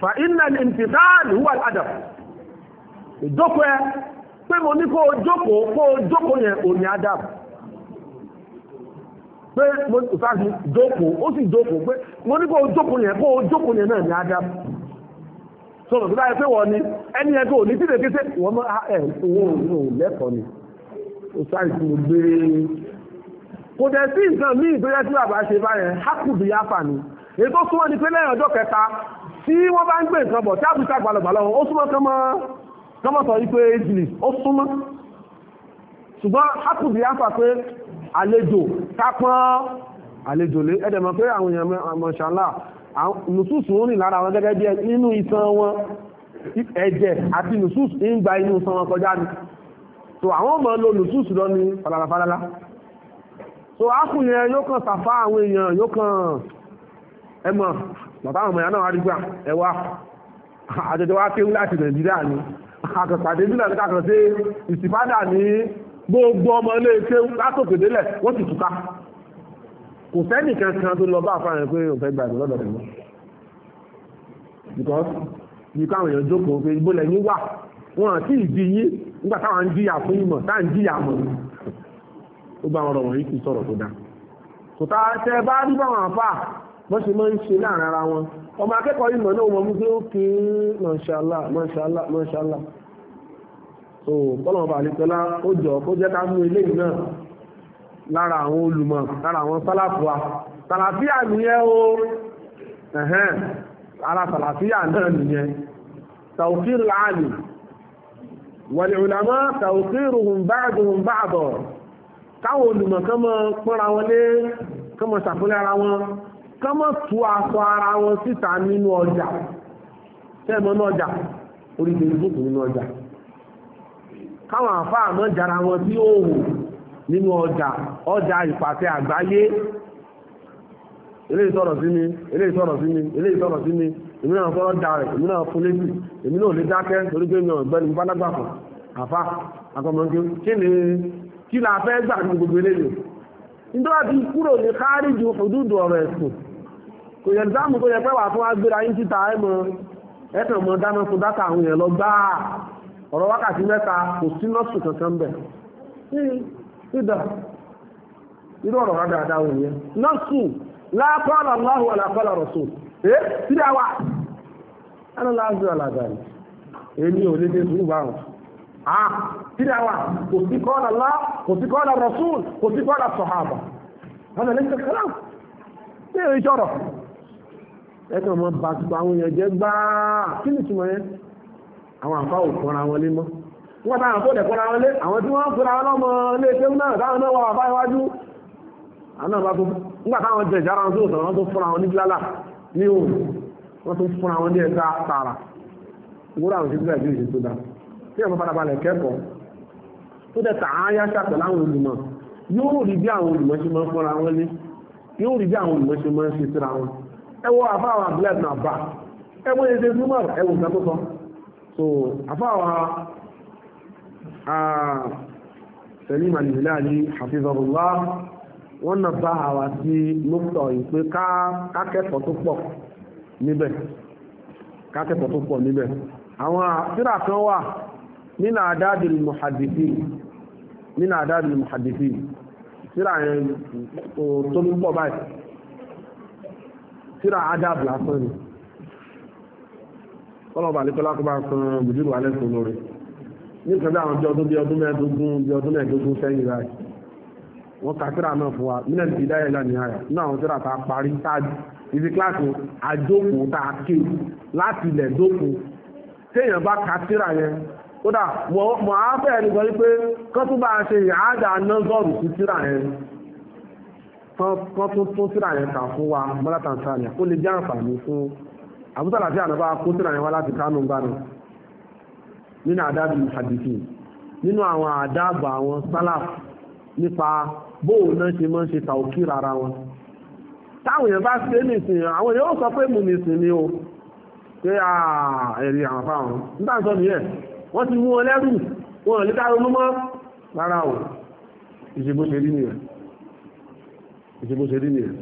fa iná ní wà pé mo ní kó o jókòó kó o jókòó yẹn ò ní adam pé mo sáàsì jókòó ó sì jókòó pé mo ní kó o jókòó yẹn kó o jókòó yẹn náà ní adam sọ̀rọ̀ tó báyìí pé wọ́n ni ẹni yẹn tó ní tí lè kété wọ́n mọ́ ah, ẹ̀ owó òun lẹ́kọ̀ọ́ ni ó sáré tí mo gbé kò dẹ̀ sí nǹkan ní ìgbéyà tí bàbá ṣe báyẹn hákùbí yáfà ni èyí tó súnmọ́ ni pé lẹ́yìn ọjọ́ kẹta tí wọ́n bá ń gbé nǹkan bọ̀ tí àbúṣe àgbàlagbà lọ́wọ́ ó súnmọ́ kán mọ́ kọ́mọ̀sọ̀ wípé ejìlis ó súnmọ́ ṣùgbọ́n hapùdì yáfà pé àlejò kápọ́n àlejò lé ẹ̀dẹ̀mọ̀ pé àwọn èèyàn mọ̀ṣálà nùsùsù ń rìn lára wọn gẹ́gẹ́ bí inú iṣan wọn ẹ̀jẹ̀ àti nùsùsù ń gba inú iṣan wọn kọjá ni so àwọn ọmọ lo nùsùsù lọ ní falala so ápù yẹn yóò kàn sàfá àwọn èèyàn yóò kàn ẹmọ bàbá àwọn ọmọ yẹn náà wá rí gbà ẹwà àjọjọ wá kéwú láti nàìjíríà ni àkàpàdé ní kàkàn sí ìsìfádà ní gbogbo ọmọ ilé ike látòkè wọ́n ti túká kò sẹ́nì kankan tó lọ bá àfáàrin pé òun fẹ́ gba lọ́dọ̀ tẹ̀mọ́ because bí káwọn èèyàn jókòó pé ibo lẹ́yìn wà wọn àti ìdí yín nígbà táwọn ń jìyà fún ìmọ̀ táà ń jìyà mọ̀ ó bá wọn rọ̀ wọ̀nyí kì í sọ̀rọ̀ tó dáa kò tá tẹ bá rí báwọn àfà bọ́n ṣe máa ń ṣe láàrin ara wọn ọmọ akẹ́kọ̀ọ́ ìmọ̀ náà wọ́n mú pé ó kí mọ̀ṣálà mọ̀ṣálà mọ̀ṣálà so kọ́lọ̀mọ̀ bàlẹ́pẹ́lá ó jọ kó jẹ́ ká mú ilé náà lára àwọn olùmọ̀ lára àwọn sálàfùwa sàlàfíà nìyẹn o ẹ̀hẹ́n ara sàlàfíà náà nìyẹn tàwùkìrì láàlì wal ulama tàwùkìrùhùn ba'duhum ba'dan káwọn olùmọ̀ kán pọ́nra wọn lé kán ara wọn kọ́mọ̀ tu aṣọ ara wọn síta nínú ọjà tẹ́ẹ̀mọ́ ní ọjà orí facebook nínú ọjà káwọn àfa àmọ́ jara wọn tí ó wù nínú ọjà ọjà ìpàtẹ àgbáyé eléyìí sọ̀rọ̀ sí mi eléyìí sọ̀rọ̀ sí mi eléyìí sọ̀rọ̀ sí mi èmi náà fọ́rọ̀ da rẹ̀ èmi náà fún létí èmi náà lè dákẹ́ torí pé mi ò gbẹ́ni bálágbà kan àfa àkọmọ́nkí kí ni kí la fẹ́ gbà ní gbogbo eléyìí nítorí àti kúrò ní káàrí òdúdú ọ̀rọ̀ ẹ̀sùn kò yẹ dáàmù tó yẹ pé wà fún agbéra yín títa ẹmọ ẹtàn mọ dáná fún dáta àwọn èèyàn lọ gbáà ọ̀rọ̀ wákàtí mẹ́ta kò sí nọ́ọ̀sù kankan bẹ̀ ìdá irú ọ̀rọ̀ rádà dáa wò yẹn nọ́ọ̀sù láàkọ́lá láhùn àlàkọ́lá rọ̀sù ẹ́ sídà wà ẹnu láàzù àlàdàrí èmi ò lè dé sùúrù báwọn ah sídà wà kò sí kọ́lá lá kò sí kọ́lá rọ̀sù kò sí kọ́lá sọ̀hábà wọn lè ṣe kọ́lá ṣé èyí sọ̀rọ̀ ẹ̀kàn mọ́ bàtùkù àwọn èèyàn jẹ́ gbáà kí ni túmọ̀ yẹn àwọn àfá ò fọ́ra wọn lé mọ́ wọ́n táwọn tó dẹ̀kọ́ra wọn lé àwọn tí wọ́n fọ́ra wọn lọ́mọ ilé iṣẹ́ náà táwọn náà wà wà báyìí wájú àwọn náà bá tó nígbà táwọn yóò rí bí àwọn olùmọ̀ máa ń fọ́ra wọn lé yóò rí bí àwọn olùmọ̀ máa ń ṣe síra wọn ẹwọ àfáwà abdullahi náà bá ẹwọ ẹsẹ zumar ẹwọ nǹkan tó sọ so àfáwà sẹlí màlìlá ní hafizahullah wọn náà bá àwà sí lókùtọ̀ ìpé kákẹ́kọ̀ọ́ tó pọ̀ níbẹ̀ kákẹ́kọ̀ọ́ tó pọ̀ níbẹ̀ àwọn àfíra kan wà nínú àdádìl muhaddithi nínú àdádìl muhaddithi síra yẹn tó pọ̀ báyìí tíra adab lásán ni ọlọ́ọ̀bà àlékọ́lá kó bá san gbùdúrù alẹ́ sọ lórí nítorí àwọn bí ọdún bí ọdún mẹ́ẹ̀ẹ́dógún bí ọdún mẹ́ẹ̀ẹ́dógún sẹ́yìn báyìí wọ́n ka tíra náà fún wa mílẹ̀ ti dáyẹ̀ lẹ́nu àyà nínú àwọn tíra tá a parí tá a ibi kíláàsì àjókòó tá a ké láti ilẹ̀ dókòó téèyàn bá ka tíra yẹn kódà mọ̀ á bẹ̀rẹ̀ nìkan wípé kọ́túbà ṣe ìhádà náà zọ́ọ̀rù sí tíra yẹn tán tún tún tíra yẹn kà fún wa mọ́lá tanzania ó lè jẹ́ àǹfààní fún àbúsàlà tí ànábà kó tíra yẹn wá láti kánú gbánu nínú àdábì àdìsí nínú àwọn àdábà àwọn sálàf nípa bóòlù náà ṣe máa ń ṣe tàókì rárá wọn táwọn èèyàn bá ṣe nìsín àwọn èèyàn ó sọ pé mú nìsín ni o pé ẹ̀rí àwọn fáwọn nígbà tó nìyẹn wọ́n ti mú wọn lẹ́rù wọn ò ní dárò mọ́ rárá o ìṣègbè ṣe rí nìyẹn ìṣẹ́gbóṣe rí nìyẹn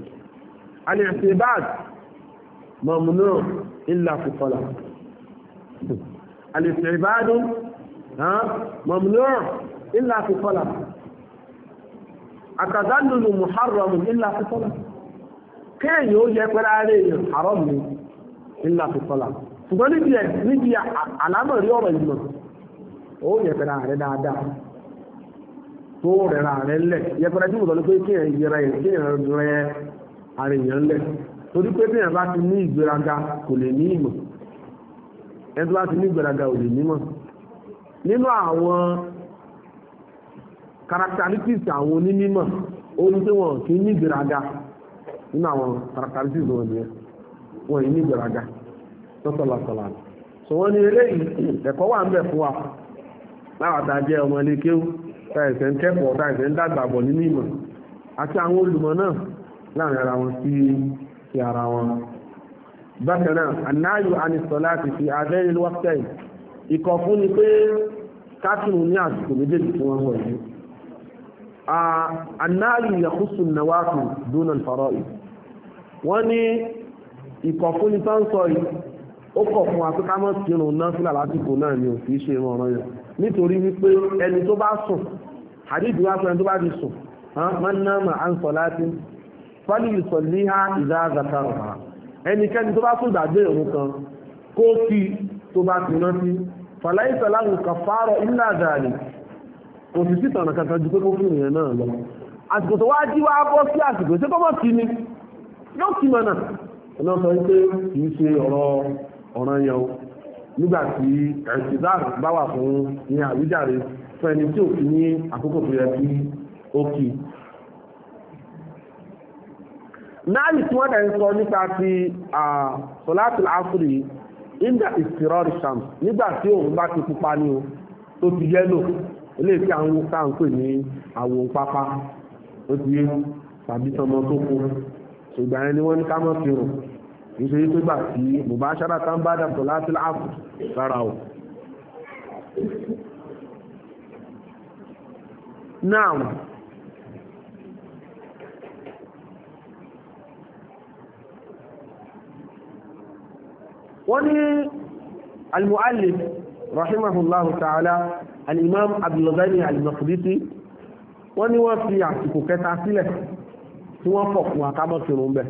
àní àṣìbáàd mọ̀mùnà ìlà fìfọ́lá àṣìbáàd mọ̀mùnà ìlà fìfọ́lá àtàdánlùlù muharram ìlà fìfọ́lá kéèyàn ó yẹ pẹ́lá rẹ̀ èèyàn haram ni ìlà fìfọ́lá ṣùgbọ́n níbi àlámọ̀rí ọ̀rọ̀ ìmọ̀ ó yẹ pẹ́lá rẹ̀ dáadáa tó rẹ̀ra rẹ̀ yẹpẹrẹ tí mo ní pé kéèyàn yẹra ẹ̀ kéèyàn rẹ ara lẹ̀ torí pé téèyàn bá ti ní ìgbéraga kò lè ní ìmọ̀ ẹni tó bá ti ní ìgbéraga ò lè nínú àwọn àwọn onímọ̀ ní pé kì í nínú àwọn wọn sọ wọ́n ní eléyìí ẹ̀kọ́ wà ń bẹ̀ fún wa láwàtà táìsẹ̀ ń kẹ́kọ̀ọ́ táìsẹ̀ ń dàgbà bọ̀ nínú ìmọ̀ àti àwọn olùmọ̀ náà láàrin ara wọn sí sí ara wọn. bákan náà anáyò anisọ̀lá ti fi abẹ́rẹ́ ní wákìtẹ́ yìí ikọ̀ fún ni pé kátìmù ní àsìkò méjèèjì tí wọ́n sọ yìí. anáyò yakusu nawatu dúnà fọ̀rọ̀ yìí wọ́n ní ikọ̀ fún ni tó yìí ó kọ̀ fún wa pé ká mọ̀ sínú náà sílà lásìkò náà ni ò fi ṣe ìmọ̀ràn yẹn nítorí wípé ẹni tó bá sùn hadith wa fún ẹni tó bá ti sùn man nama an salatin fali yusalliha idha zakaraha ẹnikẹ́ni tó bá tún gbàgbé òun kan kó fi tó bá ti rántí falaisa lahu kafara illa zalik kò sì sí ìtànà kankan ju pé kó fún ìyẹn náà lọ àsìkò tó wá jí wá bọ́ sí àsìkò ṣé kọ́mọ̀ kí ni yóò kí mọ̀ náà ọ̀nà sọ pé kì í ṣe ọ̀rọ̀ ọ̀ràn yẹn o nígbà tí bá wà fún ìyẹn àwíjàre fún ẹni tí ò fi ní àkókò tó yẹ kí ó kì náàlì tí wọ́n dẹ̀ ń sọ nípa ti sọláàtìl áfírí inda ìsìrọ́rì sam nígbà tí òun bá ti pupa ní o tó ti yẹ́lò eléyìí tí àwọn sáà ń pè ní àwò pápá ó ti yé tàbí tọmọ tó kú ṣùgbọ́n ẹni wọ́n ní ká mọ́ fi rùn nítorí tó gbà tí bùbá ṣáná tá ń bá dàpọ̀ láti láàfù rárá o now wọ́n ní al-mu'allif rahimahullahu ta'ala al-imam abdulghani al-maqdisi wọ́n ní wọ́n fi àsìkò kẹta sílẹ̀ tí wọ́n pọ̀ fún akámọ́sìrún bẹ̀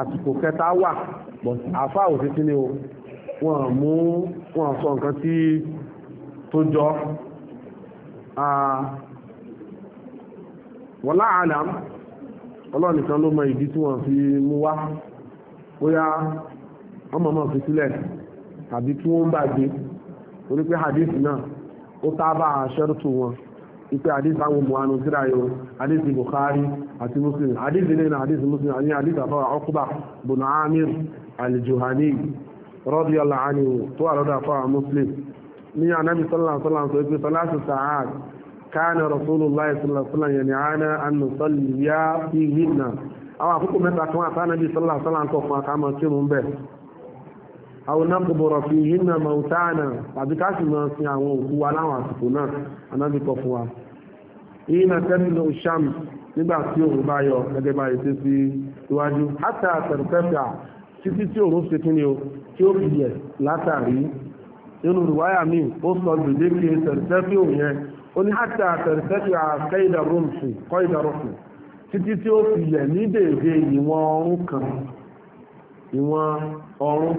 àsìkò kẹta wà but àfá òsìsí ni wọ́n mú wọ́n sọ nǹkan tí tó jọ Ah, wọ́lá àlàm ọlọ́nìkan ló mọ ìdí tí wọ́n fi mú wá bóyá ọmọ mọ̀ fi sílẹ̀ tàbí kí wọ́n na torí pé hadith náà ó tábà ṣẹ́rùtù wọn ipe hadith àwọn buhari síra yóò hadith bukhari àti muslim hadith ilé na hadith muslim àní hadith àfọwà ọkùbà bùnà amir aljuhani radiyallahu anhu tó àlọ́dọ̀ àfọwà muslim ní anábì sallallahu sallallahu sọ pé salatu sa'ad káàní rasulullah sallallahu sallallahu yẹn ni àánà àánú sọlìyà ìhìnà àwọn àkókò mẹ́ta kan àtànàbì sallallahu sallallahu kọ̀ fún àkàmọ́ kírun bẹ́ẹ̀ àwọn nákòbọ̀rọ̀ fi yínà mọ̀tánà tàbí káàkì mọ̀ sí àwọn òkú wa láwọn àsìkò náà anábìkọ̀ fún wa yínà tẹ́lifílẹ̀ òṣàm nígbà tí òun bá yọ gẹ́gẹ́ bá nínú ìwáyà mi ó sọ gbèdéke tẹ̀rẹ̀tẹ́fì òyìn ó àti àtẹ̀rẹ̀tẹ́fì àkẹ́ kọ́ títí tí ó fi yẹ̀ ní ìwọ̀n ọrùn kan ìwọ̀n ọrùn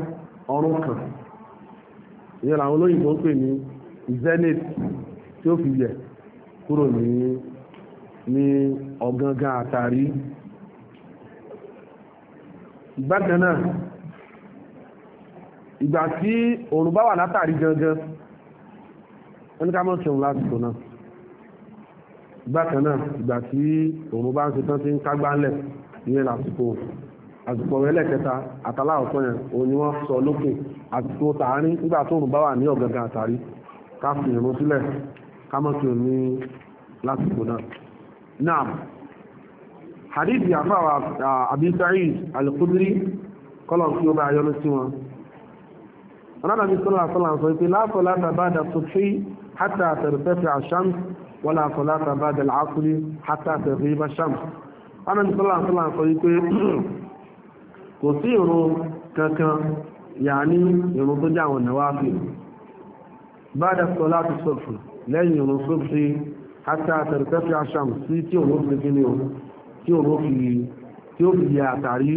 ọrùn kan ìyẹn làwọn olóyìnbó ń pè ní zenith tí ó fi yẹ̀ kúrò ní ní àtàrí ìgbà tí òòrùn bá wà látàrí gangan wọ́n ká mọ́ ṣeun lásìkò náà bákan náà ìgbà tí òòrùn bá ń ṣe tán ti ń kágbá ńlẹ̀ ìyẹn lásìkò àsìkò ọ̀rẹ́ lẹ́kẹta àtàlà ọ̀sán ni wọ́n sọ lókè àsìkò tààrin ọlọ́dàbí sọ́lá sọ́lá sọ pé láàfọ́lá tàbádà sọ́fí hátà àtẹ̀rẹ̀fẹ́fẹ́ àṣàmù wọ́lá àfọ́lá tàbádà àkúrí hátà àtẹ̀rẹ̀fẹ́ àṣàmù ọlọ́dàbí sọ́lá sọ́lá sọ pé kò sí ìrun kankan yàní ìrun tó jẹ́ àwọn ìnáwó àfi bádà sọ́lá tó sọ́fì lẹ́yìn ìrun sọ́fì hátà àtẹ̀rẹ̀fẹ́fẹ́ àṣàmù sí tí òun fi kí ni o tí òun fi tí ó fi yẹ àtàrí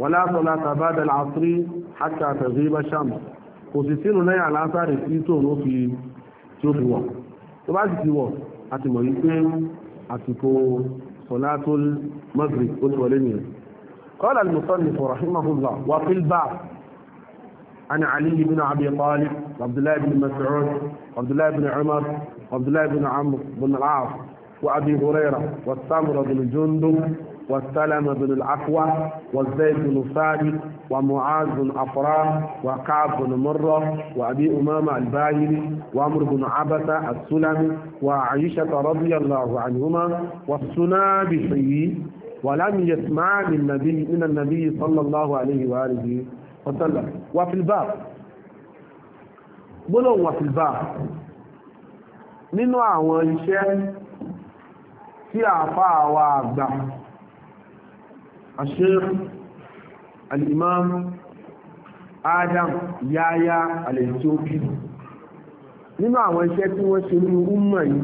wọ́lá sọ́lá tàbádà àkúrí hátà àtẹ̀rẹ̀fẹ́ àṣàmù kò sì sínú lẹ́yìn àlásàrì tí tòun ó fi tí ó fi wọ̀ tó bá sì ti wọ̀ a ti mọ̀ wípé àsìkò sọ̀látùl maghrib ó ti wọlé nìyẹn qala al-musannif rahimahullah wa fil bab عن علي بن أبي طالب عبد الله بن مسعود عبد الله بن عمر عبد الله بن عمرو بن العاص وأبي هريرة والسامرة بن جندب والسلام بن العفوة والزيد بن ثابت ومعاذ بن أفرام وكعب بن مرة وأبي أمامة الباهلي وعمر بن عبسة السلمي وعائشة رضي الله عنهما والسنابحي ولم يسمع من النبي من النبي صلى الله عليه وآله وسلم وفي الباب gbólóhùn wà fìlbà nínú àwọn iṣẹ́ tí àfáà wa الشيخ الإمام Adam Yahya Al-Ethiopi nínú àwọn iṣẹ́ tí wọ́n ṣe ní umar yìí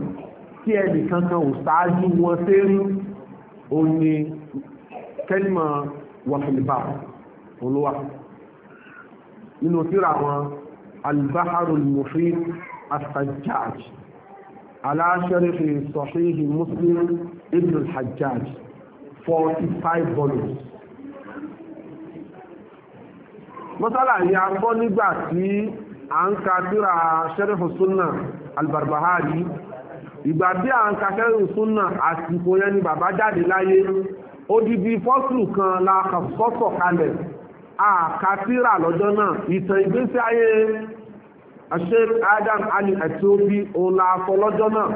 tí ẹnì kankan ò ṣáájú wọn ṣe rí òun ni kẹ́lìmọ̀ wàfìlìbà olúwa nínú síra wọn albaharu mufid asajjaj aláṣẹ́rẹ́fẹ́ sọ̀híhì muslim ibn al-hajjaj 45 volumes mọ́sálà yìí a gbọ́ nígbà tí a ń ka tírà sẹ́rẹ̀fù súnà albarbahari ìgbà tí a ń ka sẹ́rẹ̀fù súnà àsìkò yẹn ni bàbá jáde láyé odidi fọ́sùn kan la sọ́sọ̀ kalẹ̀ àkàtírà lọ́jọ́ náà ìtàn ìgbésí ayé Sheikh Adam Ali obi òun la sọ lọ́jọ́ náà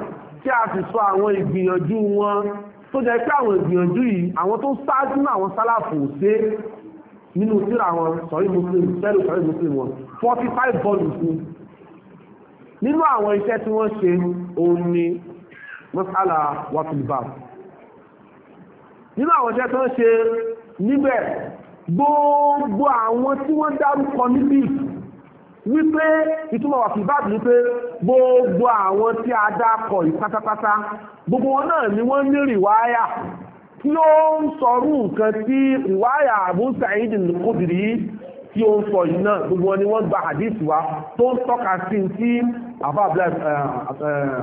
tí a sì sọ àwọn ìgbìyànjú wọn tó jẹ́ pé àwọn ìgbìyànjú yìí àwọn tó ṣáájú náà àwọn sálàfù ṣe nínú síra àwọn sọ̀rí muslim sẹ́lù sọ̀rí muslim wọn forty five volumes ni nínú àwọn iṣẹ́ tí wọ́n ṣe òun ni mọ́sálà wàtúbà nínú àwọn iṣẹ́ tí wọ́n ṣe níbẹ̀ gbogbo àwọn tí wọ́n dárúkọ níbí wípé ìtumọ̀ wà fi báàbù wípé gbogbo àwọn tí a dákọ̀ ìpátápátá gbogbo wọn náà ni wọ́n ní rìwáyà tí ó ń sọrú nǹkan tí rìwáyà Abu Sa'id al-Khudri tí ó ń sọ yìí náà gbogbo wọn ni wọ́n gba hadith wa tó ń tọ́ka sí tí eh,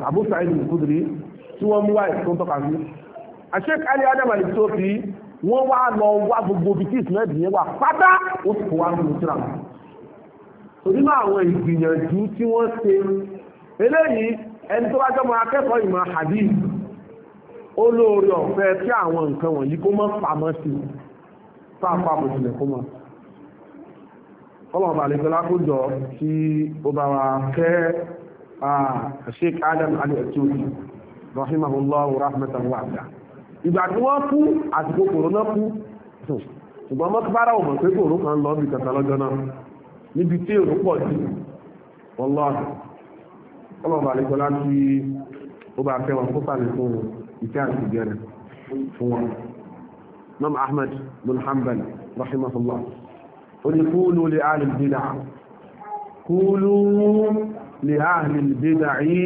Abu Sa'id al-Khudri tí wọ́n mú wáyé tó ń tọ́ka sí Sheikh Ali Adam al-Tofi wọ́n wá lọ wá gbogbo ibi tí ìsìnlẹ̀ ìdìyẹn wà pátá ó sì kó wá nínú nínú àwọn ìgbìyànjú tí wọ́n ṣe eléyìí ẹni tó bá jọmọ akẹ́kọ̀ọ́ ìmọ̀ hadith olóore ọ̀fẹ́ tí àwọn nǹkan wọ̀nyí kó mọ́ pamọ́ sí pápá bòtìlẹ̀ kó mọ́ ọlọ́ọ̀bà lè fẹ́lá kó jọ tí ó bá wa kẹ́ Sheikh Adam Al-Ethiopi rahimahullah rahmatan wa'ada ìgbà tí wọ́n kú àsìkò kòrónà kú ṣùgbọ́n mọ́kúbára ò mọ̀ pé kòrónà kan lọ́ọ́ bì kàtà lọ́jọ́ náà níbi tí èrò pọ̀ jù wallahi ọlọ́ọ̀bà àlejòlá tí ó bá fẹ́ wọn kópa lè fún ìfẹ́ àti ìbẹ̀rẹ̀ fún wọn imam ahmed bin hanbal rahimahullah ó ní kúlù lè àlè bídà kúlù lè àlè bídà yìí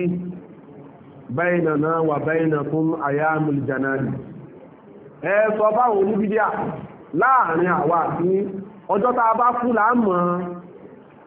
baynana wà baynakum ayyamul janani ẹ sọ báwọn oníbídíà láàrin àwa àti ọjọ́ tá a bá kú là á mọ̀ ọ́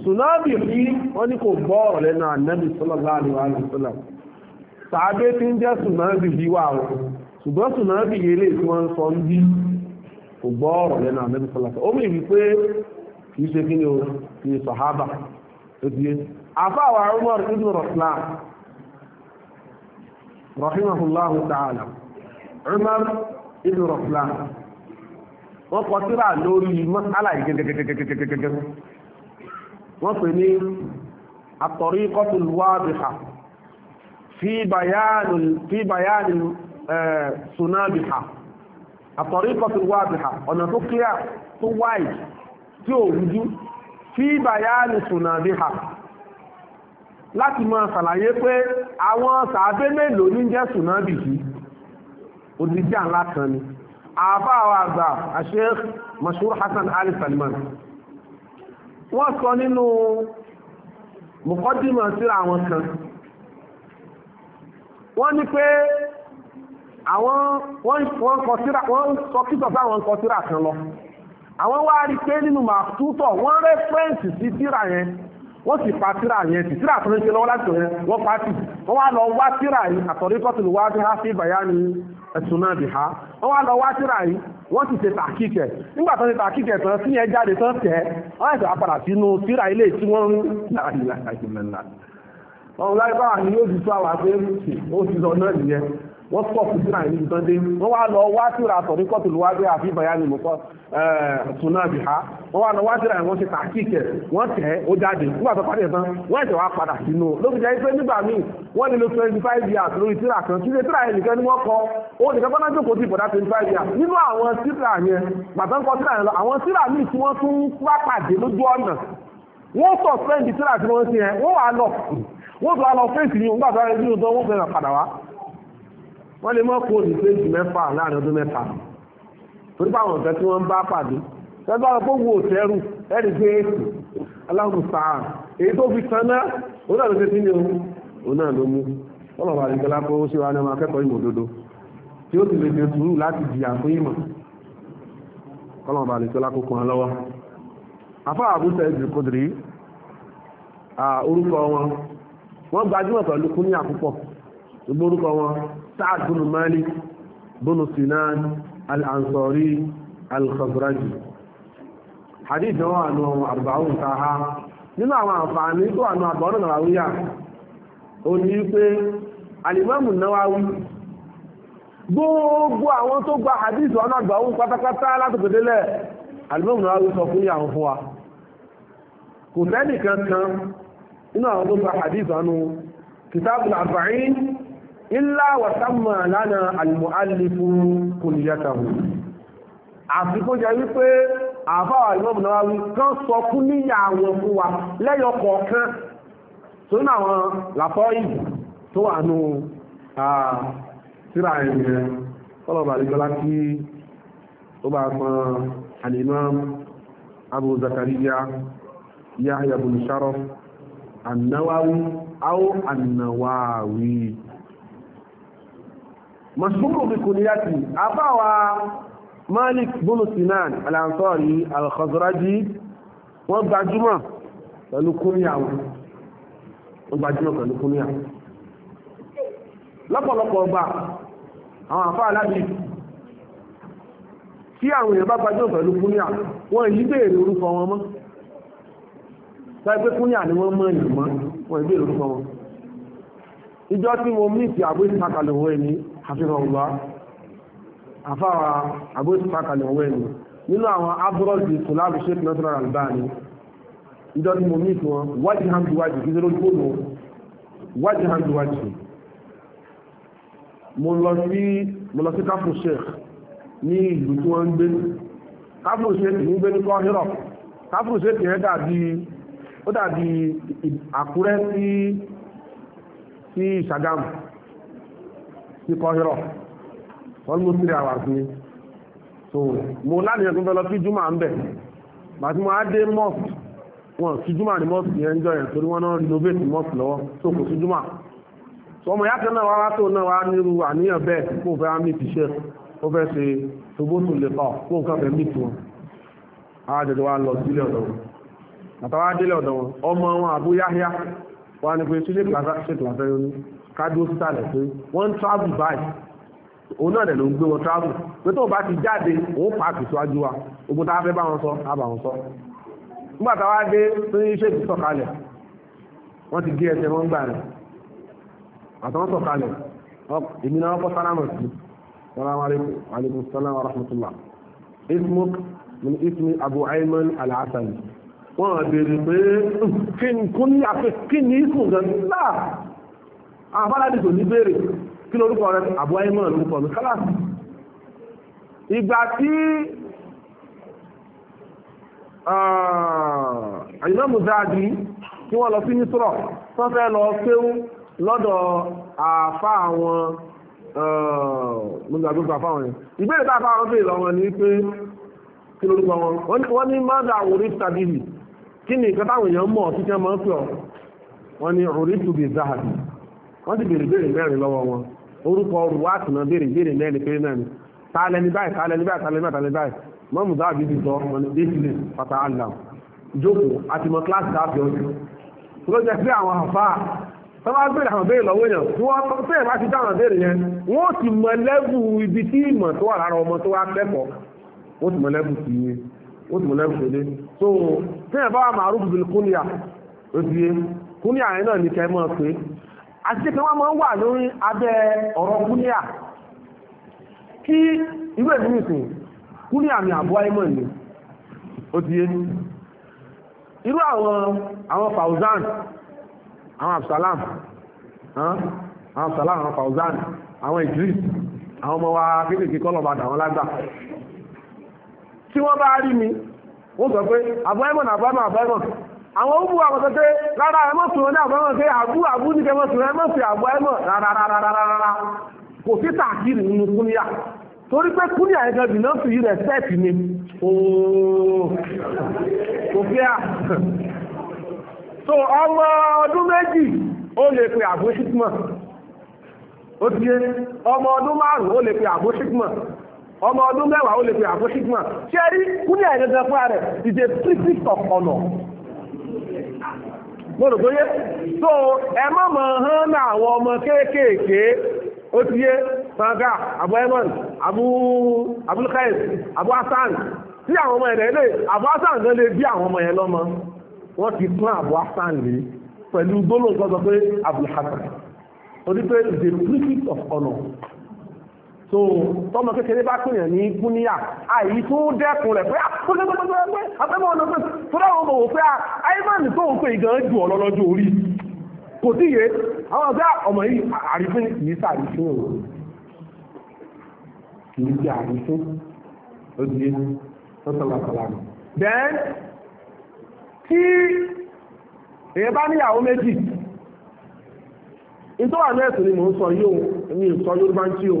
tsunami fi wọ́n ní kò gbọ́ ọ̀rọ̀ lẹ́nu ànábì sallallahu alaihi wasallam sàábé tí ń jẹ́ tsunami yìí wà ó ṣùgbọ́n tsunami yìí lè tí wọ́n sọ ń bí kò ọ̀rọ̀ lẹ́nu ànábì sallallahu ó mì Umar rahimahullahu wọ́n pè ní at-tariqatu al-wadiha fi bayan sunabiha at-tariqatu al-wadiha ọ̀nà tó clear tó wide tí ó rújú fi bayan sunabiha láti máa ṣàlàyé pé àwọn sàábé mélòó ní jẹ́ sunabi yìí òdìjà ńlá kan ni àfáà àgbà Sheikh Mashhur Hasan Ali Salman wọ́n sọ nínú mùkọ́dìmọ̀ síra àwọn kan wọ́n ní pé àwọn wọ́n kọ síra wọ́n sọ kíkọ̀ sáwọn kọ síra kan lọ àwọn wá rí pé nínú màtútọ̀ wọ́n rẹ́fẹ́ǹsì sí síra yẹn wọ́n sì pa tíra yẹn tì tíra tó ń ṣe lọ́wọ́ láti yẹn wọ́n pa tì wọ́n wá lọ wá tíra yìí àtọ̀ríkọ́tìlù wá bí hafi bayani ẹ̀sùn náà bì ha wọ́n wá lọ wá tíra yìí wọ́n sì ṣe tàkìkẹ̀ nígbà tó ṣe tàkìkẹ̀ yẹn jáde tẹ̀ wọ́n sínú tíra ilé tí wọ́n ń láyé báwa ni yóò ti sọ àwọn àgbẹ̀ ó wọ́n pọ̀ fún síra ìlú ìtàn dé wọ́n wá lọ wá síra àtọ̀rí kọ́tù ló wá dé àfi ìbàyà ni mo kọ́ ṣùnà àbíhá wọ́n wá lọ wá síra ìwọ́n ṣe tàkìkẹ̀ wọ́n tẹ̀ ó jáde nígbà tó parí ẹ̀tàn wọ́n ẹ̀jẹ̀ wá padà sínú ló fi jẹ́ pé nígbà míì wọ́n nílò twenty five years lórí síra kan kí ṣe síra yẹn nìkan ni wọ́n kọ ó nìkan bá nájò kò sí ìbọ̀dá twenty five years nínú àwọn síra yẹn bàtà ń kọ síra yẹn lọ àwọn síra míì tí wọ́n tún wá pàdé lójú ọ̀nà wọ́n sọ̀ fẹ́ǹdì síra tí wọ́n ṣe yẹn wọ́n wà lọ wọ́n tún wá lọ fẹ́ǹsì yìí nígbà tó wá lọ sí ìdánwò fẹ́ràn padà wá wọ́n lè mọ́ kóòdù péjì mẹ́fà láàrin ọdún mẹ́fà torí báwọn ọ̀gá tí wọ́n bá pàdé lọ́gbà wọn kó wo òtẹ́rù ẹ̀rí pé èsì aláwọ̀ sáà èyí tó fi taná òun náà ló ṣe sínú òun náà ló mú wọ́n bàbá àdìgbẹ́ lápò ó ṣe wa ní ọmọ akẹ́kọ̀ọ́ ìmọ̀ òdodo tí ó sì lè ṣe sùúrù láti jìyà fún ìmọ̀ kọ́lọ̀ bàbá àdìgbẹ́ lápò kan lọ́wọ́ afọ́ àbúṣe ìdìkudìrí orúkọ wọn wọ́n gbajúmọ̀ pẹ̀lú kúníyà púpọ̀ ìgbórúkọ wọn Sa'ad bin Malik bin Sinan al-Ansari al-Khazraji hadith náà wà nù àrùbáwùn tàhá nínú àwọn àǹfààní tó wà nù àbọ̀rún nàwáwíyà ó ní pé Al-Imam Nawawi gbogbo àwọn tó gba hadith wọn àgbàwùn pátápátá látòkèdélẹ̀ Al-Imam Nawawi sọ fún yàwó fún wa kò sẹ́nì kankan nínú àwọn tó gba hadith wọn kìtàbùl arba'in ilá wàtàmà lánà alìmọ̀álìfù kùnìyàtàwò àfi kó jẹ́ wípé àfáwà ìmọ̀mù náà wí kán sọ kú níyà àwọn fún wa lẹ́yọ kọ̀ọ̀kan tó ní àwọn làfọ́ ìlú tó wà nù síra ẹ̀yẹn kọ́lọ̀bà àdìgbọ́lá kí ó bá pọn al-imam abu zakariya yahya bin sharaf annawawi aw annawawi mashhurun bi kunyati àbáwa malik bunu sinan alansori alkhazraji wọ́n gbajúmọ̀ pẹ̀lú kúnyàwó wọ́n gbajúmọ̀ pẹ̀lú kúnyàwó lọ́pọ̀lọpọ̀ ọba àwọn àfáà láti tí àwọn èèyàn bá gbajúmọ̀ pẹ̀lú kúnyà wọ́n èyí béèrè orúkọ wọn mọ́ pẹ́pẹ́ kúnyà ni wọ́n mọ́ èèyàn mọ́ wọ́n èyí béèrè orúkọ wọn ìjọ tí mo mí ti àbúrò hafizahullah àfáwà agbóṣùpákalẹ̀ ọ̀wẹ́ ni nínú àwọn abúrọ́dì tùlábù sheikh nasir albani ìjọ tí mo mìí wọn wájì hàn duwájì kí ló gbóòmù wájì hàn duwájì mo lọ sí mo lọ sí káfù sheikh ní ìlú tí wọ́n ń gbé káfù sheikh ní gbé ní kọ́hírọ̀ káfù sheikh yẹn dàbí ó dàbí àkúrẹ́ sí sí ìṣàgámù sí kọ́hírọ̀ almost three hours ni so mo láti ẹ̀kún fẹ́ lọ sí júmọ̀ ń bẹ̀ màtí mo á dé mosque wọn sí júmọ̀ ní mosque yẹn jọ yẹn torí wọ́n náà renovate mosque lọ́wọ́ so kò sí júmọ̀ so ọmọ yàtọ̀ náà wá tó náà wá nírú àníyàn bẹ́ẹ̀ kó fẹ́ á mìtì ṣe ó fẹ́ ṣe ṣògbóṣù lè pa kó nǹkan fẹ́ mìtì wọn á jẹjọ wá lọ sílé ọ̀dọ̀ wọn àtàwọn adélé ọ̀dọ̀ wọn ọmọ wọn àbúyáyá wọn á ní pé sílé kádó sálẹ̀ pé wọ́n ń travel báyìí òun náà dẹ̀ ló ń gbé wọn travel pé tó bá ti jáde òun pààkì síwájú wa ogun tá a fẹ́ bá wọn sọ á bá wọn sọ nígbà táwa dé tó ní ṣèkì sọ̀kalẹ̀ wọ́n ti gé ẹsẹ̀ wọn gbà rẹ̀ àtàwọn sọ̀kalẹ̀ èmi náà kọ́ sálámù sí salamu alaykum alaykum salaam wa rahmatullah ismuk min ismi abu Aiman al-asali wọ́n béèrè pé kí ni kún ní àfẹ́ gan náà àwọn fálábì tó ní béèrè kí lórúkọ rẹ àbúwá ìmọ̀ lórúkọ mi kálàsì ìgbà tí àyìnbá ah, mùsáàdì tí wọ́n lọ sí nísúrọ̀ tó fẹ́ lọ kéwú lọ́dọ̀ àfá àwọn ah, mùsàgbókò àfá wọn ìbéèrè tá àfá wọn lọ́wọ́ ni pé kí lórúkọ wọn wọ́n ní mọ́dà orí tàbí kí ni ìkọ́tàwòyàn mọ̀ títẹ́ mọ́ pẹ́ ọ wọ́n ní orí tùbí záàdì wọ́n ti béèrè béèrè mẹ́rin lọ́wọ́ wọn orúkọ rúwáàtì náà béèrè béèrè mẹ́rin péré náà ni tààlẹ́ni báyìí tààlẹ́ni báyìí tààlẹ́ni báyìí tààlẹ́ni báyìí mọ́mù dáàbí ti sọ ọ̀nà déjìlẹ̀ pàtà àlà jókòó àti mọ kíláàsì dáàbí ọjọ́ tó ló jẹ́ pé àwọn àfà tó bá béèrè àwọn béèrè lọ́wọ́ yẹn tí wọ́n fẹ́ẹ̀ bá ti dáhùn béèrè yẹn wọ́n ti mọ lẹ́bù ibi tí ìmọ̀ tó wà lára ọmọ tó wá kẹ́kọ̀ọ́ wọ́n ti mọ lẹ́bù sí i wọ́n ti mọ lẹ́bù sí i so fẹ́ẹ̀ bá wà máa rúbùbù kúnìyà ó kúnìyà yẹn náà ní kẹ́ mọ́ pé àti pé wọ́n máa ń wà lórí abẹ́ ọ̀rọ̀ kúníà kí irú èdè nìsìn kúníà mi àbúwá imọ̀ ni ó ti yé ní irú àwọn àwọn Fauzan àwọn Absalam àwọn Absalam àwọn Fauzan àwọn Idris àwọn ọmọ wa kéèkèé kọ́lọ̀bàdà wọn lágbà tí wọ́n bá rí mi wọ́n sọ pé àbúwá imọ̀ àbúwá imọ̀ àbúwá imọ̀ àwọn ó bú àwọn tó pé rárá ẹ mọ́ sùn ní àbọ̀mọ́ pé àbú àbú ní kẹmọ́ sùn ẹ mọ́ sí àbọ̀ ẹ mọ́ rárárárárá kò sí tààkìrì nínú kúníyà torí pé kúníyà yẹn gan bìnà fi respect ni kò fi à so ọmọ ọdún méjì ó lè pe àbó ṣíkmọ̀ ó ti yé ọmọ ọdún márùn-ún ó lè pe àbó ṣíkmọ̀ ọmọ ọdún mẹ́wàá ó lè pe àbó ṣíkmọ̀ ṣé rí kúníyà yẹn gan fúnra rẹ̀ is a prefix of honour mọ́rò so ẹ má mọ̀ hán ní àwọn ọmọ kéékèèké ó ti yé sanga abu eman abu abulkhair abu Hassan. tí àwọn ọmọ ẹ̀rẹ́ lè abu Hassan náà lè bí àwọn ọmọ yẹn lọ́mọ wọ́n ti tún abu hasan lè pẹ̀lú gbólóǹkan sọ pé Hassan. ó ní pé the priest of honor so tọmọ kékeré bá pèèyàn ní kúníyà àyí tó dẹ́kun rẹ̀ pé àpẹẹmọ ah, ọ̀nà pé fúnra wọn mọ̀ wò pé àìmọ́nì ah, tó ń pè gan jù ọ lọ́lọ́jọ́ orí kò sí yé àwọn ọ̀gá ọmọ yìí àrífín yìí sàrífín o kìí ṣe àrífín ó di lọ́sọ̀lọ́sọ̀lọ́nà then tí èyàn bá níyàwó méjì nítorí àwọn ẹ̀sùn ni mò ń sọ yóò ní ìsọ Yorùbá ń tí o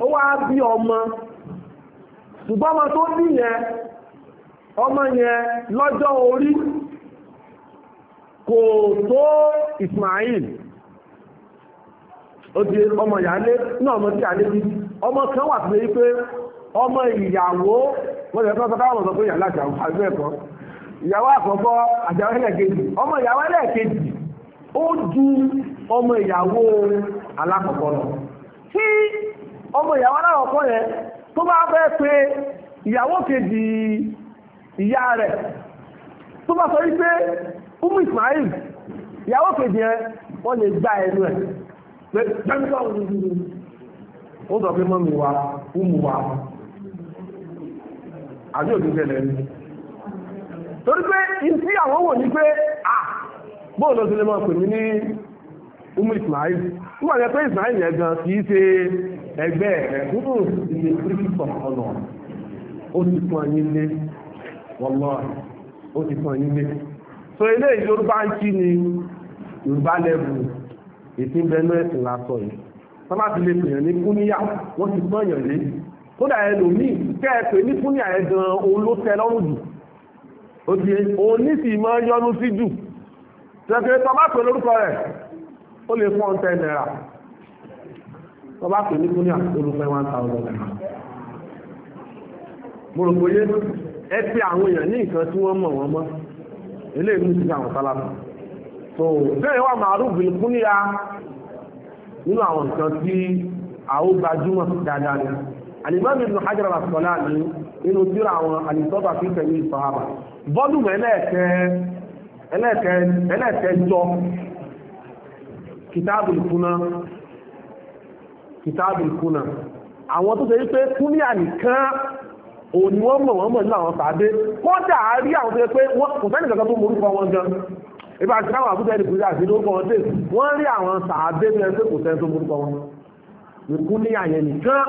ó wá bí ọmọ ṣùgbọ́n ọmọ tó bí yẹn ọmọ yẹn lọ́jọ́ orí kò tó Ismail ó di ọmọ ìyálé náà ọmọ tí àlébí ọmọ kan wà fún wípé, ọmọ ìyàwó wọ́n lè tọ́sọ́ káwọn ọ̀sọ̀ pé ìyàlá àjàwó àgbẹ̀ ẹ̀kọ́ ìyàwó àkọ́kọ́ àjàwó ẹlẹ́ẹ̀kejì ọmọ ìyàwó ẹlẹ́ẹ̀kejì ó ju ọmọ ìyàwó alákọ̀ọ́kọ́ lọ ọmọ ìyàwó aláwọ̀kọ́ yẹn tó bá fẹ́ pé ìyàwó kejì ìyá rẹ̀ tó bá sọ wípé umu Ismail ìyàwó kejì yẹn wọ́n lè gba ẹnu ẹ̀ pé gbẹ́ńtọ́ ó sọ pé mọ́mi wa umu wa àbí lẹ́nu umu Ismail wọ́n ẹgbẹ́ rẹ̀ kúrò ilé kírísítọ̀ ọ̀nà ó ti pọn yín lé wọ́lọ́ ó ti pọn yín lé so ilé Yorùbá ń kí ni Yorùbá lẹ́bù ètí ń bẹnu ẹ̀sìn lásọ yìí wọ́n bá ti lè pèèyàn ní kúníyà wọ́n ti pọn yàn lé kódà ẹlòmíì kẹ́ ẹ pè ní kúníyà ẹ̀ gan-an òun ló tẹ lọ́rùn jù ó ti òun ní sì mọ́ yọnu sí jù tẹ̀síwájú tó bá pè lórúkọ rẹ̀ ó lè fọ́n tẹ́ náírà tó bá pè ní múlíà olùfẹ́ one thousand naira mo rò pé ẹ pé àwọn èèyàn ní nǹkan tí wọ́n mọ̀ wọ́n mọ́ eléyìí ní ti àwọn sálámù so bẹ́ẹ̀ wà màálù bìlìkúnìyà nínú àwọn nǹkan tí àwọn gbajúmọ̀ dáadáa ni alimami ibn hajar al-asqala ni nínú tíra àwọn alisọba fi tẹ̀lé ìfahàbà bọ́dùmù ẹlẹ́ẹ̀kẹ́ ẹlẹ́ẹ̀kẹ́ ẹlẹ́ẹ̀kẹ́ jọ kìtàbùl kúnná kìtàbí kùnà àwọn tó ṣe wípé kúníà nìkan òní wọ́n mọ̀ wọ́n mọ̀ ní àwọn pàdé kódà rí àwọn tó ṣe pé kò sẹ́ni kankan tó morúkọ wọn gan ìbá àti káwọn àbújá ìdìbò ìdí àti lórúkọ wọn tèèfù wọ́n rí àwọn sàádé tó ṣe kò sẹ́ni tó morúkọ wọn nìkú ní àyẹ̀ nìkan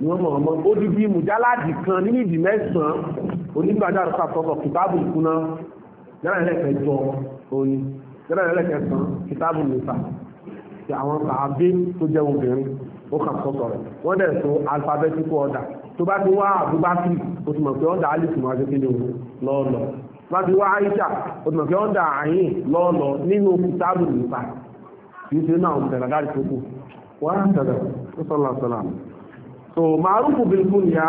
ni wọ́n mọ̀ wọ́n mọ̀ odidi mùjáládì kan nínú ìdí mẹ́sàn-án onígbàdá àrùkà tọkọ kìtàbù ìkúná yàrá ẹlẹ́kẹ̀ẹ́jọ oyin yàrá ẹlẹ́kẹ̀ẹ́sàn kìtàbù nìta ti àwọn sàádé tó jẹ́ obìnrin ó kà kọ́ sọ̀rọ̀ wọ́n dẹ̀ so alphabetical order tó bá ti wá Abubakar o ti mọ̀ pé ọ̀dà alice mọ̀ àti kíni o lọ́ọ̀lọ́ bá ti wá Aisha o ti mọ̀ pé ọ̀dà ayin lọ́ọ̀lọ́ nínú kùtàbù nípa kì í ṣe náà ń tẹ̀lé dárí tó kù wọ́n á tẹ̀lé ó sọ̀rọ̀ àṣọ̀rọ̀ àmì. so maarufu bilkunya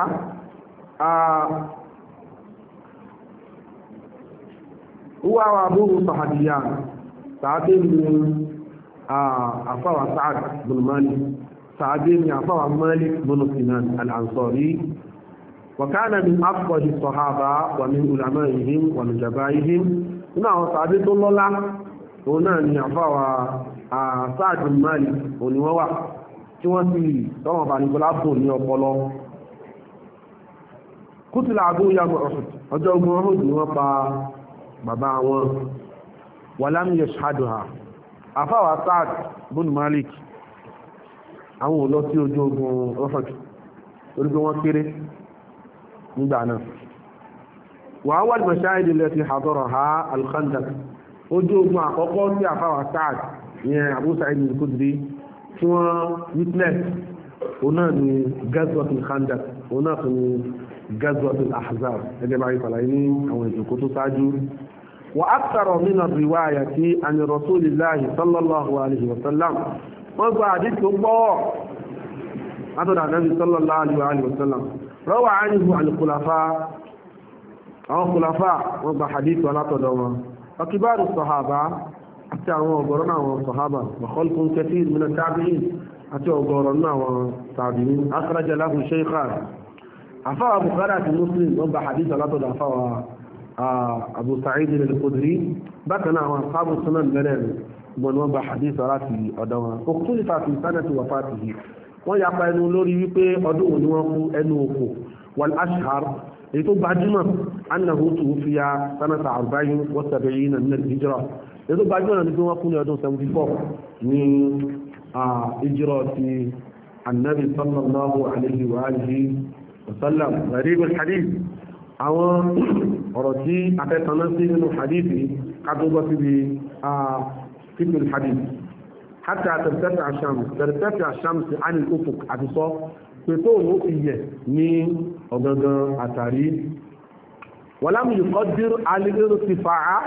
huwa wa abuhu sahabiyan sahabi ni afawa sa'ad bin tàbí ni àfáwà Malik bin Sinan al-Ansari wa kana min afqahi sahaba wa min ulama'ihim wa min jabaihim nínú àwọn tàbí tó lọ́lá òun náà ni àfáwà Sa'd bin Malik òní wọ́n wà tí wọ́n sì tọ́wọ̀n Malik àwọn ò lọ sí ojú ogun Uhud torí pé wọ́n kéré nígbà náà wà á wà ní mashahid allati hadaraha al-Khandaq ojú ogun àkọ́kọ́ sí àfáwà Sa'ad ìyẹn Abu Sa'id al-Khudri tí wọ́n witness òun ni gazwatul Khandaq òun ni gazwatul Ahzab ẹgbẹ́ bá rí fàlàyé ní àwọn ìjòkó tó ṣáájú وأكثر من الرواية عن رسول الله صلى الله عليه وسلم wọ́n gba àdíṣ tó pọ̀ látọ̀dà Nabi sallallahu alaihi wasallam rọ́wà ánìhù alìkùlàfà àwọn kùlàfà wọ́n gba àdíṣ wà látọ̀dọ̀ wọn akíbárù sọ̀hábà àti àwọn ọ̀gọ̀rọ̀ náà wọn sọ̀hábà mọ̀kọ́lùkùn kẹfì ìmìnà tábìlì àti ọ̀gọ̀rọ̀ náà wọn tàbí akọ́lájà láhùn ṣẹ́yíkà àfáwà Bukhari àti Muslim wọ́n gba àdíṣ wà látọ̀dọ̀ ah, àwọn sábù sunan mẹ́rẹ̀ẹ̀rin gbọ́n wọ́n gba hadith láti ọ̀dọ̀ wọn òkú ní fàtí sanati wà fàtí yìí wọ́n ya pa ẹnu lórí wípé ọdún òní wọ́n kú ẹnu òkò wal ashhar èyí tó gbajúmọ̀ annahu tuwfiya sanata arba'in wa sab'ina min al-hijra èyí tó gbajúmọ̀ náà ni pé wọ́n kú ní ọdún seventy four ní ìjírọ̀ ti annabi sallallahu alayhi wa alihi wa sallam gharib hadith àwọn ọ̀rọ̀ tí afẹ́taná nínú hadith kádógbọ́ síbi fífi hadith hátà tẹ̀tẹ̀tẹ̀ àṣàmù tẹ̀tẹ̀tẹ̀ àṣàmù sí àní òfòk àti sọ pé tó òun ó fi yẹ ní ọ̀gangan àtàrí wàlámù yìí kọ́ dírú alẹ́rú ti fà á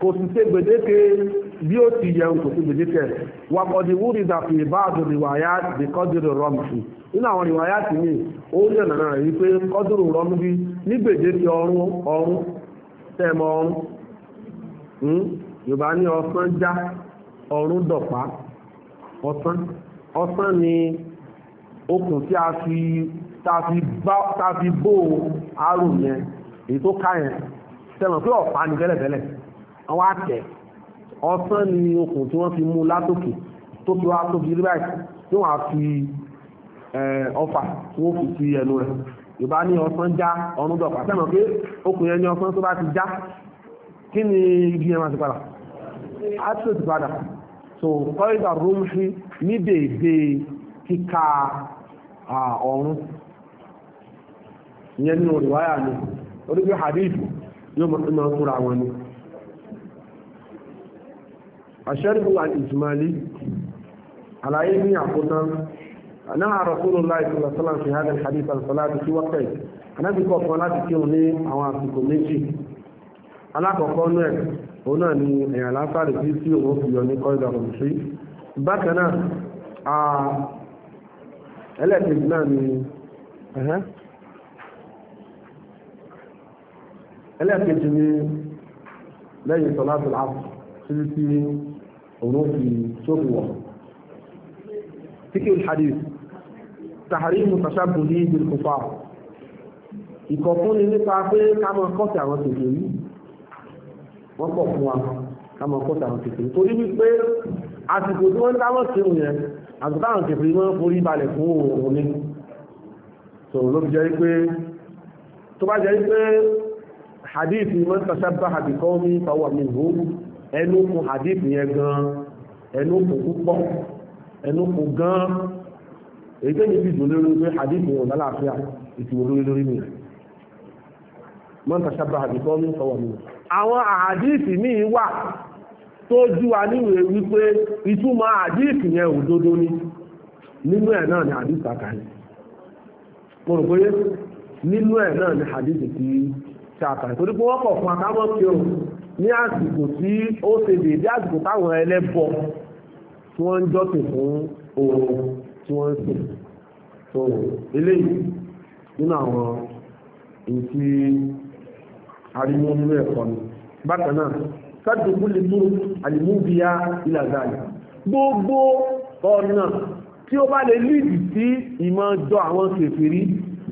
kò sì ṣe gbèdéke bí ó ti yẹun kò sí gbèdéke wà kọ́dí wúri dàpọ̀ ìbáàdù rìwáyà di kọ́dírù rọ́mùsù nínú àwọn rìwáyà tì mí ó ń yànnà náà rí pé kọ́dírù rọ́mùbí ní gbèdéke ọrún ọrún tẹ̀mọ ọrún hmm? yorùbá ní ọsán já ọ̀run dọ̀pá ọ̀sán ọ̀sán ni okùn tí a fi tá a fi bó àrùn yẹn èyí tó ká yẹn tẹ̀wọ̀n pé ọ̀pá ni tẹ́lẹ̀tẹ́lẹ̀ àwọn àtẹ̀ ọ̀sán ni okùn tí wọ́n fi mú látòkè tó fi wá tó fi rí báyìí tí wọ́n á fi ọfà tí wọ́n fi sí ẹnu rẹ̀ yorùbá ní ọ̀sán já ọ̀run dọ̀pá tẹ̀wọ̀n pé okùn yẹn ní ọ̀sán tó bá ti já kí ni igi yẹn máa ti padà á tètè padà so kọ́rídà rómùsí ní dèédé kíka ọ̀run ìyẹn nínú ìwáyà ni orígbé hadith yóò mọ̀ sínú ọkùnrin àwọn ni àṣẹ́rìbù àti ìsìmáàlì àlàyé ní àkótán náà rasulullah sallallahu alaihi wasallam fi hada hadith al-salatu fi waqti anábìkọ̀ kan láti kírun òun náà ni èèyàn lásàrì tí tí òun fi yọ ní kọ́ńdà kò sí bákan náà ẹlẹ́ẹ̀kejì náà ni ẹlẹ́ẹ̀kejì ni lẹ́yìn sọ̀láṣọ̀ láàpù tí tí òun fi sófin wọ̀ tíkìl hadith tàhàrímù tàṣàbùdí ìdìkùfà ìkọ̀fúnni nípa pé ká mọ́ kọ́sì àwọn tòṣèlú wọ́n pọ̀ fún wa ká mọ̀ kọ́ta àwọn kèfèrè torí wípé àsìkò tí wọ́n dáwọ́ sí òun yẹn àti táwọn kèfèrè wọ́n forí balẹ̀ fún òun ní so ló fi jẹ́ pé tó bá jẹ́ pé hadith ni wọ́n tàṣàbà àbíkọ́ ní pàwọ́ mi hù ẹnu kún hadith yẹn gan ẹnu kún púpọ̀ ẹnu kún gan èyí tẹ́yìn bí ìdùn lórí pé hadith yẹn ọ̀dá láàfíà ìtìwò lórí lórí mi wọ́n tàṣàbà àbíkọ́ ní pàwọ́ mi hù àwọn àdíìsì míì wà tó jú wa níwèé wípé ìtumọ̀ àdíìsì yẹn òdodo ni nínú ẹ̀ náà ni àdíìsì àkàlẹ̀ mo rò pé nínú ẹ̀ náà ni àdíìsì ti ṣàkàlẹ̀ torí pé wọ́n kọ̀ fún akámọ́ pé o ní àsìkò tí ó ṣe dèédé àsìkò táwọn àríwọ̀ nínú ẹ̀kọ́ ni bákan náà sádùkú lè tó àlìmúbíyá ìlàzáàlì gbogbo ọ̀nà tí ó bá lè lídì sí ìmọ̀ jọ àwọn kèfèrí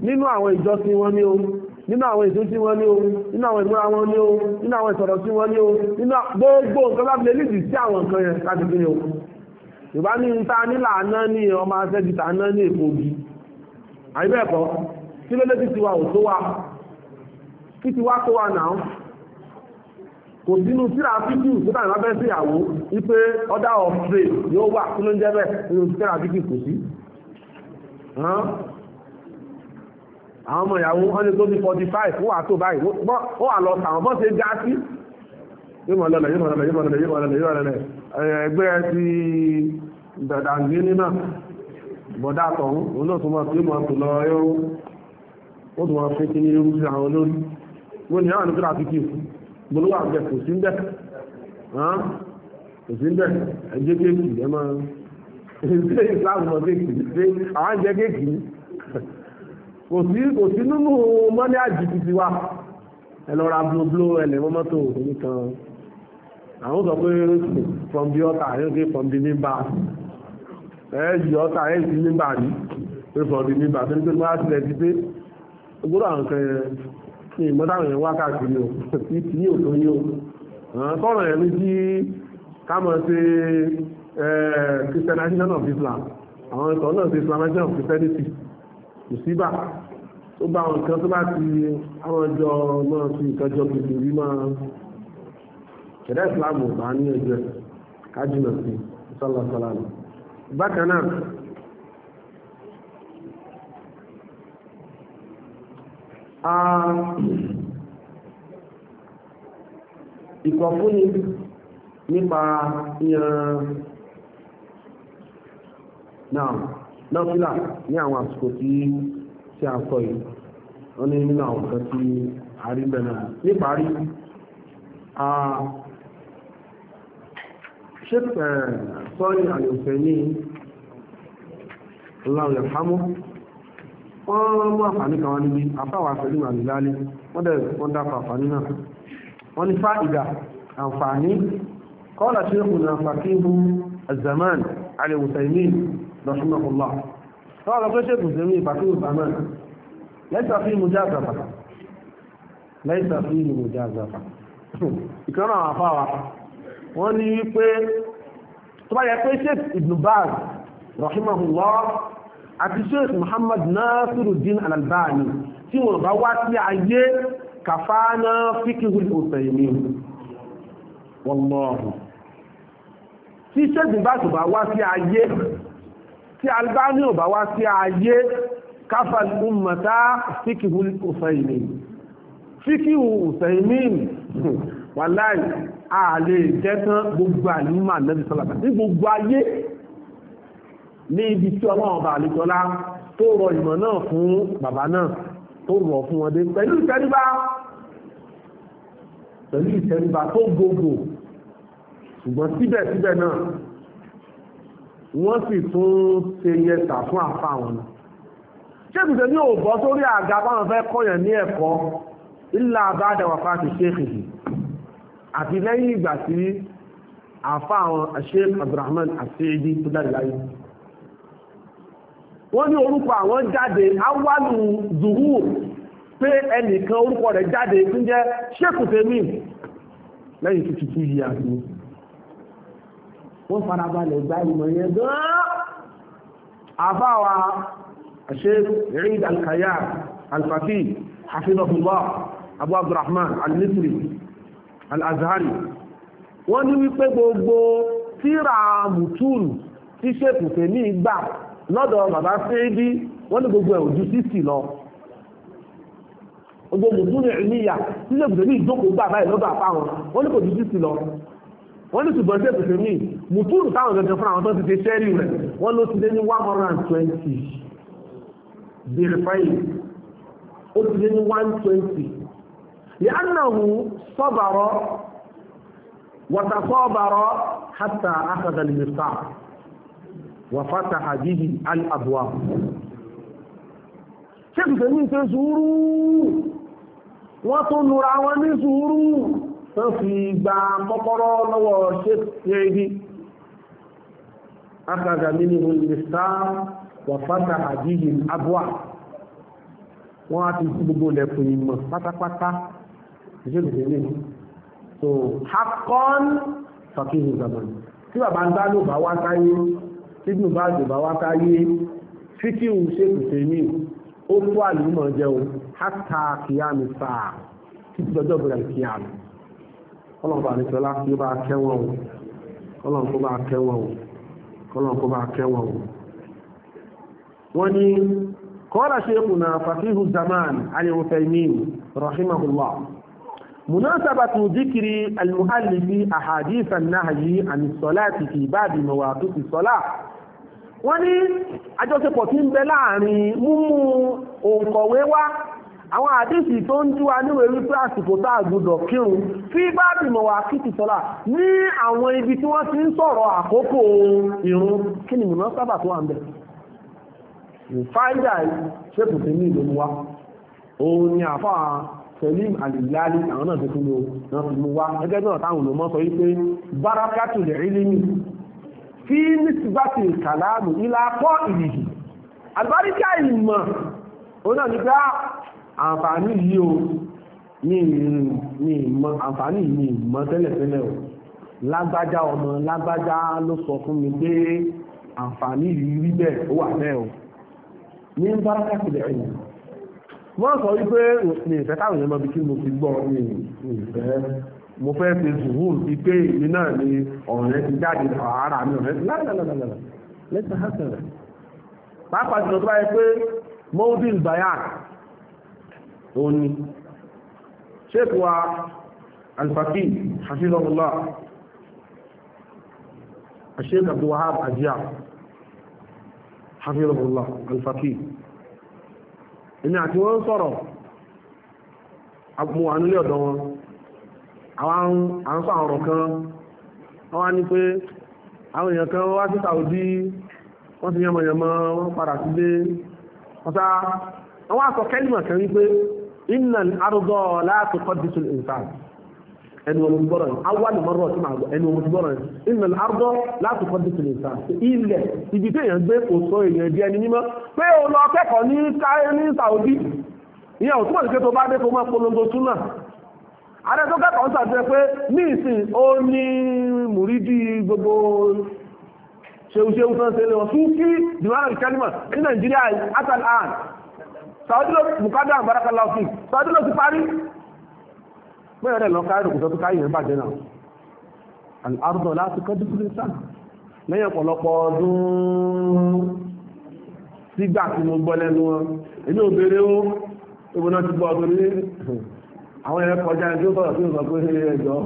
nínú àwọn ìjọsìn wọn ní o nínú àwọn ètò tí ní o nínú àwọn ìmúra wọn ní o nínú àwọn ìsọ̀rọ̀ tí wọ́n ní o nínú gbogbo nǹkan bá lè lídì sí àwọn nǹkan yẹn láti fi ní o ìbá ní ta nílà aná ní ọmọ asẹ́gìtà aná ní èkó gi àyíbẹ̀ẹ̀kọ́ tí lólétí ti wa ò tó wa kí ti wá kó wa náà kò sínú síra fíjù nígbà tí wọ́n fẹ́ sí ìyàwó wípé order of trade yóò wà kí ló ń jẹ́ bẹ́ẹ̀ nínú síra fíjù kò sí. àwọn ọmọ ìyàwó wọn lè tó bí forty five wọ́n wà tó báyìí wọ́n wà lọ sàwọn bọ́ọ̀sì ga sí. yóò mọ̀ lọ́lẹ̀ yóò mọ̀ lọ́lẹ̀ yóò mọ̀ lọ́lẹ̀ yóò mọ̀ lọ́lẹ̀ yóò mọ̀ lọ́lẹ̀ ẹgbẹ́ ti dàdàǹgé nínà bọ̀dá àtọ̀hún òun náà tó mọ̀ tó mọ̀ tó lọ yóò ó tó mọ̀ fẹ́ kí ní irú sí àwọn olórí mo ni àwọn àdúgbò àti kíkù gbólóhùn àgbẹ̀ kò sí ń bẹ̀ kò sí ń bẹ̀ ẹjẹ́ kéèkì ẹ máa ṣe ìsìláàmù lọ kéèkì ṣe àwọn àjẹ́ kéèkì kò sí kò sí nínú mọ́ní àjìkì ti wa ẹ lọ ra blóbló ẹlẹ̀ mọ́mọ́tò nìkan àwọn sọ pé from the altar ẹ ké from the member ẹ yí altar ẹ yí member rí pé from the member tó ń pè mọ́ àtìlẹ́ pé gbọ́dọ̀ àwọn kan yẹn ní ìmọ́dáwọn yẹn wákàtí ni o tí tí ní òtò ní o tọ́rọ̀ yẹn ní kí kámọ̀ sí christianization of Islam àwọn ìtọ̀ náà sí islamization of christianity kò síbà tó bá àwọn nǹkan tó bá ti àwọn ọjọ́ náà fi ìtọ́jọ́ gbogbo rí máa ṣẹ̀dá Islam ò bá ní ẹgbẹ́ kájùmọ̀ sí sọ́lọ́sọ́lá bákan náà Ah, ìkọ̀fúnni nípa ìran náà lọ́fílà ní àwọn àsìkò tí tí a sọ yìí wọ́n nínú àwọn tí a rí bẹ̀rẹ̀ a sọ́rí àyọ̀fẹ́ ní láwọn wọ́n mú àǹfààní kan wá níbi àfáwà pẹ̀lú àmìlálé wọ́n dẹ̀ wọ́n dápa àǹfààní náà wọ́n ní fáìdà àǹfààní kọ́ọ̀lá tí ó kùnà fàkíhù azaman alẹ́wùsàìmí lọ́sùmọ̀kùnlá wọ́n lọ pé ṣètò ìsinmi fàkíhù zaman lẹ́sà fi mú jáàzàfà lẹ́sà fi àti sheikh muhammad nasiruddin al-albani tí wọ́n bá wá sí ayé kàfánà fíkìhùl òsèmí wọ́lọ́ọ̀hù tí sheikh bá tó bá wá sí ayé tí albani ò bá wá sí ayé kafal ummata fíkìhùl òsèmí fíkìhù òsèmí wàláì àlè jẹ́ tán gbogbo ànímà nẹ́bí ní ibi tí ọlọ́run bá àlejọ́lá tó rọ ìmọ̀ náà fún bàbá náà tó rọ̀ fún wọn dé pẹ̀lú ìtẹríba pẹ̀lú ìtẹríba tó gbogbo ṣùgbọ́n síbẹ̀síbẹ̀ náà wọ́n sì tún ṣe yẹta fún àfa wọn ṣéèkìtẹ̀ ní òbọ́ sórí àga báwọn fẹ́ kọ́yàn ní ẹ̀kọ́ ilá àbádáwà fáti ṣéèkìtì àti lẹ́yìn ìgbà tí àfa àwọn ṣéèkì Abdulrahman àti ẹ̀dí tó dáre láyé wọ́n ní orúkọ àwọn jáde awalu zuhu pé ẹnìkan orúkọ rẹ̀ jáde tí ń jẹ́ sheku tèmi lẹ́yìn tó tutù yìí àti wọ́n farabalẹ̀ gba ìmọ̀ yẹn gan-an àfáwà sheikh Eid al-Kayar al abu abdulrahman al-Misri wọ́n ní wípé gbogbo tíra mùtúlù tí sheku tèmi gbà lọ́dọ̀ bàbá séèdí wọ́n ní gbogbo ẹ̀ sísì lọ gbogbo mùsùlùmí ìníyà sílẹ̀ gbèsè ní ìjókòó gbà báyìí lọ́dọ̀ wọ́n ní kò sísì lọ wọ́n ní ṣùgbọ́n sí èkùsẹ̀ mùtúrù táwọn gẹ̀gẹ̀ fún àwọn tó ti ṣe ṣẹ́rí rẹ̀ wọ́n ló ti lé ní one bèrè fáyì ó ti lé ní sọ́bàrọ̀ wà fátà àjíjì al-abuwa ṣe kìtẹ̀ ní ṣe sùúrù wọ́n tó nura wọn ní sùúrù tó fi gba kọ́kọ́rọ́ lọ́wọ́ ṣe ṣe akaga mini olùsá wà fátà àjíjì al-abuwa wọ́n á ti gbogbo lẹ́kùn ìmọ̀ pátápátá ṣe kìtẹ̀ ní so hakon fakihu zaman tí bàbá ń dá ló bá wá sáyé tíjú bá jùbá wáta yé fíkíhù ṣèkùsẹ̀ ní ó tó àlùmọ̀ jẹun hátà kìíyàmì sáà títí dọjọ́ bẹ̀rẹ̀ kìíyàmì ọlọ́run bá tí ó bá kẹ́wọ̀n o ọlọ́run bá kẹ́wọ̀n o ọlọ́run bá kẹ́wọ̀n o. wọ́n ní zaman alẹ́ òfẹ́ mi rahimahullah مناسبة ذكر المؤلف أحاديث النهي عن الصلاة في بعض مواقف الصلاة wọ́n ní àjọṣepọ̀ tí ń bẹ láàrin múmú òǹkọ̀wé wá àwọn àdísì tó ń jú wa níwèé wípé tá àgbùdọ̀ kírun fi bá bìmọ̀ wà kìtì sọ́lá ní àwọn ibi tí wọ́n ti ń sọ̀rọ̀ àkókò ìrun kí ni mùnà sábà tó wà ń bẹ̀. fáìdà ṣépùtì ní ìlú wa òun ni àfáà Salim Al-Hilali àwọn náà tuntun ló náà fi mú wá ẹgbẹ́ náà táwọn olùmọ́ sọ wípé bárakátù lè rí límì fi nísìbàtì kàlámù ilá pọ́ ìlìhì àlùbáríkà ìmọ̀ òun náà ní pé ah, àǹfààní yìí o ní ìmọ̀ àǹfààní yìí ìmọ̀ tẹ́lẹ̀tẹ́lẹ̀ o lágbájá ọmọ lágbájá ló sọ fún mi pé àǹfààní yìí rí bẹ́ẹ̀ ó wà bẹ́ẹ̀ o ní bárakátù lè rí límì wọ́n sọ wípé ní ìfẹ́ táwọn èèyàn mọbi kí mo ti gbọ́ ní ìfẹ́ mo fẹ́ fi zuhur fi pé èmi náà ni ọ̀rẹ́ ti jáde àárà mi ọ̀rẹ́ ti lálàlàlàlà lẹ́sẹ̀ hásẹ̀rẹ̀ pàápàá jùlọ tó báyẹ pé moldin bayan ó ní ṣéèkù wa alfaqih hafizahullah الشيخ عبد الوهاب أجيال حفظه الله الفقيه èmi àti wọ́n sọ̀rọ̀ mo wà nílé ọ̀dọ̀ wọn àwọn kan wọ́n ní kan wá wọ́n ti wọ́n padà ọ̀tá wọ́n wá sọ kẹ́lìmọ̀ kan wípé ẹnu ọmọ gbọ́rọ̀ yìí awali mọ́rọ̀ tí màá gbọ́ ẹnu ọmọ gbọ́rọ̀ yìí ìnà àrùdọ́ láti kọ́ dípò lè ta ilẹ̀ ibi tí èèyàn gbé òsó èèyàn di ẹni mímọ́ pé o lọ kẹ́kọ̀ọ́ ní káyé ní Saudi ìyẹn ò túmọ̀ sí pé tó bá dé kó máa polongo súnà adé tó kẹ́kọ̀ọ́ sàbẹ̀ pé ní ìsìn ó ní mùrídì gbogbo ṣeúṣeú tán ṣe lè wọ́n tún kí dìmọ́ràn kẹ́límà ní bóyá rẹ̀ lọ káyọ̀ kò sọ tó káyọ̀ ń bàjẹ́ náà àrùdọ̀ láti kọ́jú fún ìsàn lẹ́yìn ọ̀pọ̀lọpọ̀ ọdún sígbà tí mo gbọ́ lẹ́nu wọn èmi ò béèrè ó ewu náà ti gbọ́ ọdún ní àwọn ẹ̀rẹ́ kọjá ẹni tí ó sọ̀rọ̀ sí ìsọ̀ pé ẹjọ́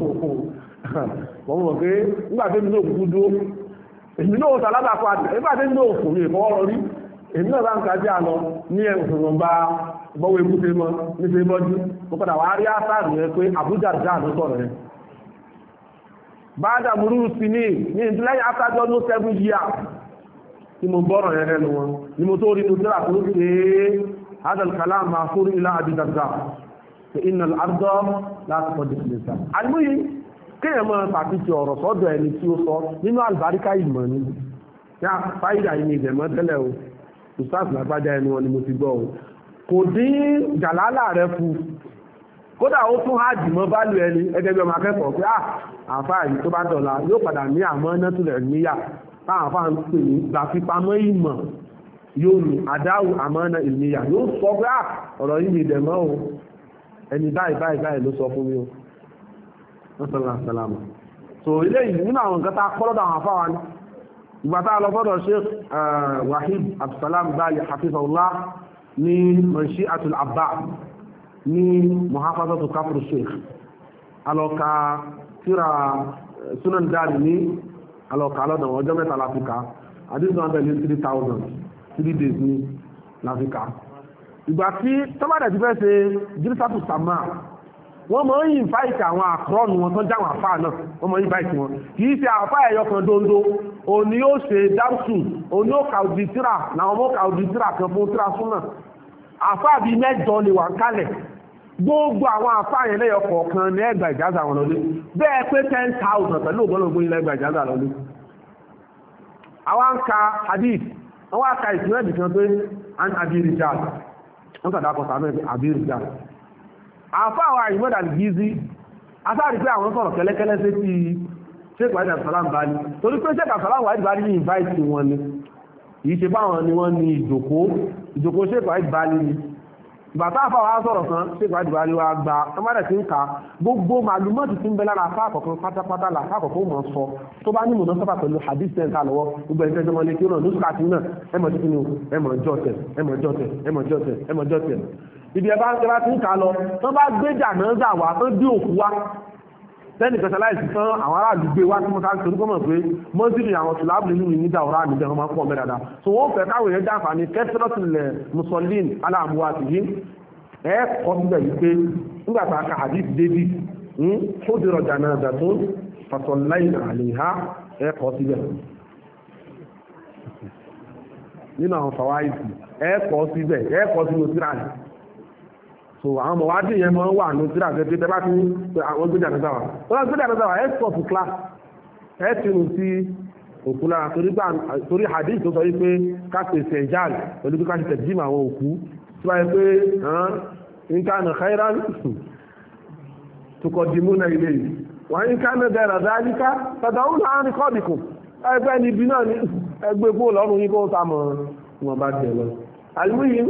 wọ́n mọ̀ pé nígbà tí mi náà kúkú dúró èmi náà sọ alábàápàdé nígbà tí mi náà fò mí ìfọwọ́rọ̀ rí èmi náà bá ń kájá lọ ní ẹ̀sùn bọ́wọ́ ikú fi mọ́ níṣẹ́ bọ́jú mo padà wá rí àtàrí rẹ pé àbújá dá ló sọ̀rọ̀ rẹ báadà burú sí ní ní ìdílẹ́yìn after ọdún seven years tí mo bọ́rọ̀ rẹ lẹ́nu wọn ni mo tó rí mo tẹ́lá tó ṣe é hadal kalam máa fórí ilá àbídàgbà pé iná àdọ́ láti pọ̀ dìbò sá. àlùmọ́yé kéèyàn máa pàtìkì ọ̀rọ̀ sọ́dọ̀ ẹni tí ó sọ nínú àlùbáríkà ìmọ̀ ni yá fáyidà yìí ni ìdẹ̀mọ́ tẹ́lẹ̀ o ẹnu wọn ni mo ti gbọ́ kò dín jàlálà rẹ kù kódà ó tún hajj mọ́ bálù ẹni ẹgbẹ́ bí ọmọ akẹ́kọ̀ọ́ pé ah, àfáà yìí tó bá dọ̀la yóò padà ní àmọ́ nẹ́tùlẹ̀ níyà táwọn àfáà ń pè ní gbàfipamọ́ ìmọ̀ yóò ní àdáwù àmọ́ ìníyà yóò sọ pé ah, ọ̀rọ̀ yìí ní ìdẹ̀mọ́ o ẹni báyìí báyìí báyìí ló sọ fún mi o sọ́sọ́lámù so ilé ní mọ̀ṣí àtúl àbá ní muhafazatu kafru sheikh alọ́ka tíra eh, sunan dari ní alọ́ka alọ́dọ̀ ọjọ́ mẹ́ta láfíkà àdínsùn 3000 three days ní láfíkà ìgbà tí tọ́bàdà ti fẹ́ ṣe jírísàtù sàmà wọ́n mọ̀ ń yìn fáìtì àwọn àkọ́ọ̀nù wọn tó jáwọn àfà náà wọ́n mọ̀ ń yìn wọn kìí ṣe àfà ẹ̀yọ kan dondo òní ó ṣe dárùsù òní ó kà tíra làwọn ọmọ kà tíra kan fún tíra súnà àfáà bíi mẹ́jọ lè wà kálẹ̀ gbogbo àwọn àfáà yẹn lẹ́yọ kọ̀ọ̀kan ní ẹgbà ìjáza wọn lọlé bẹ́ẹ̀ pé ten thousand pẹ̀lú ògbọ́lọ́gbọ́ ilẹ̀ ẹgbà ìjáza lọlé àwa ń ka hadith wọ́n wá ka ìsìn ẹ̀bì kan pé an abiri jaz wọ́n kàdá kọ sàmẹ́ abiri jaz àfáà wa ìmọ̀dà gízi asáàrí pé àwọn sọ̀rọ̀ kẹ́lẹ́kẹ́lẹ́ sí ti sheikh wahid abdulsalam bani torí pé sheikh abdulsalam wahid bani ní invite wọn ni kì í ṣe báwọn ni wọ́n ní ìjòkó ṣèkọ̀ àìbálẹ̀ ni bàtà àfàwà sọ̀rọ̀ kan ṣèkọ̀ àìbálẹ̀ wa gba ọmọdé tí ń ka gbogbo màlúmọ́tì tí ń bẹ lára afá àkọ́kọ́ pátápátá là afá àkọ́kọ́ mọ̀ sọ tó bá ní mọ̀nà sábà pẹ̀lú hadith center lọ́wọ́ gbogbo ẹ̀ńtẹ́ jọmọ lè kírun ní sùkàtì náà ẹ mọ̀ tuntun ni ẹ mọ̀ jọ́tẹ̀ ẹ mọ̀ jọ́tẹ̀ ẹ mọ̀ jọ́tẹ̀ ẹ mọ̀ jọ́tẹ̀ ibi ẹ bá ń kẹ́ra tí ń ka lọ tó bá gbé jàǹdà wá tó dé òkú wá tẹ́nì specialize fún àwọn aráàlú gbé wá tí mo sáré torí kọ́mọ̀ pé mọ́sílì àwọn tùláàbù nínú ìní dà ọ̀rá àmì jẹun máa ń pọ̀ mẹ́rẹ̀ dáa so wọ́n fẹ́ káwọn èèyàn dáfà ní kẹ́tírọ́tìlẹ̀ mùsọ̀lìn aláàmúwa sì yí ẹ kọ́ síbẹ̀ yìí pé nígbà tá a ka hadith david ń kó dèrò jàǹdà dàtún fasọ̀láyìn àlèhà ẹ kọ́ síbẹ̀ nínú àwọn fàwáìsì ẹ kọ́ síbẹ̀ ẹ kọ́ sínú síráàlì so àwọn ọmọ wa dìyẹn mọ́ wà ní tíra tẹ́ pé tẹ́bá tí àwọn gbéjà náà sáwà wọ́n gbéjà náà sáwà ẹ̀ sọ̀ fún class ẹ̀ ti rù sí òkú lára torí hadith tó sọ yí pé káṣe sẹ̀jáàl pẹ̀lú kíkà ṣe tẹ̀jìm àwọn òkú tí wáyé pé nǹkan khairan tukọ̀ dìmú náà ilé yìí wọ́n nǹkan náà dẹ̀rẹ̀ dáríká tọ́dọ̀ ó náà ní kọ́ọ̀dìkù ẹgbẹ́ ni ibi náà ní ẹgbẹ́ gbó lọ́rùn yín kó sá mọ́ wọn bá jẹ lọ. àlùmíyìn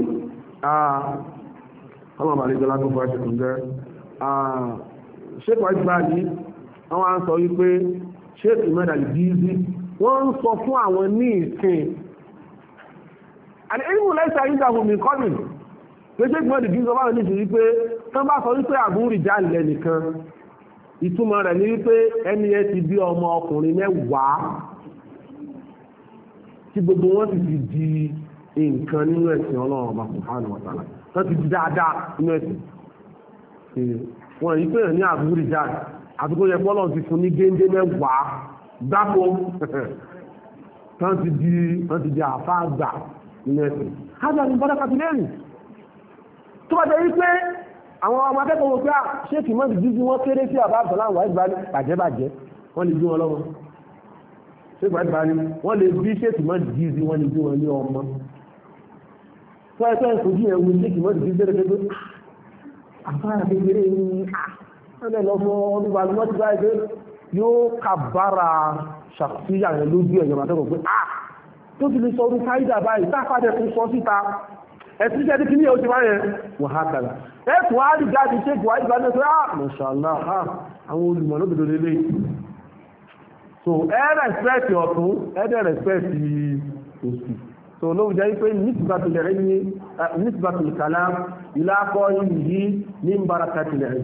ọlọ́run àríjọ lágbófò àṣẹkùn jẹ́ ṣékọ̀ọ́ ìgbàdí àwọn à ń sọ wípé ṣéèkì mẹ́ta ìdíyízi wọ́n ń sọ fún àwọn ní ìsìn àti ìlú lẹ́sà ìdáhùn mi kọ́mìn pé ṣéèkì mẹ́ta ìdíyízi ọba ní ìsìn wípé tán bá sọ wípé àbúrì já ilẹ̀ nìkan ìtumọ̀ rẹ̀ ní wípé ẹni yẹn ti bí ọmọ ọkùnrin mẹ́wàá tí gbogbo wọn sì ti di nǹkan nínú ẹ̀sìn ọlọ́run ọba subhanahu wa ta'ala wọ́n ti di dáadáa inú ẹ̀sìn wọn yìí pé ní àbúrò ìjà àbúkó yẹ pọ́lọ̀ ti fún ní géńdé mẹ́wàá gbáko tán ti di tán ti di àfa àgbà inú ẹ̀sìn ájá ní bọ́dá kàtìlẹ́rìn tó bá jẹ́ wípé àwọn ọmọ akẹ́kọ̀ọ́ wọn pé à ah, ṣé kì mọ́tì jíjí wọn kéré sí àbá àbọ̀lá àwọn àìgbà bàjẹ́ bàjẹ́ wọ́n lè bí wọn lọ́wọ́ ṣé gbàgbà ni wọ́n lè bí ṣé kì mọ́tì jíjí wọn lè bí wọn ní ọmọ fún ẹgbẹ́ ìfojú ẹ̀ wo sí kìmọ́tì fi bẹ̀rẹ̀ pé àfáà kékeré ní ọ̀nà ìlọ́fọ́ ọdún bá lọ́tí báyìí pé yóò kàbára ṣàkóṣíyà rẹ̀ lójú ẹ̀yọ̀ màtọ́kọ̀ pé ah tó ti lè sọ ọdún káyídà báyìí táfàdẹ̀ tó sọ síta ẹ̀sìn iṣẹ́ díkì ní ẹ̀ oṣù báyẹn wà á kàrà ẹ̀sùn á rí gáàdì ṣe ìgbà ìgbà náà sọ́yà àwọn olùmọ̀ lóbìdó lélẹ̀ so ẹ̀ rẹ̀spẹ̀tì ọ̀tún ẹ̀ dẹ̀ rẹ̀spẹ̀tì òsì so ló jẹ́ pé nisbatu lẹ́yìn nisbatu kalam ìlàkọ́ yìí ní baraka tilẹ̀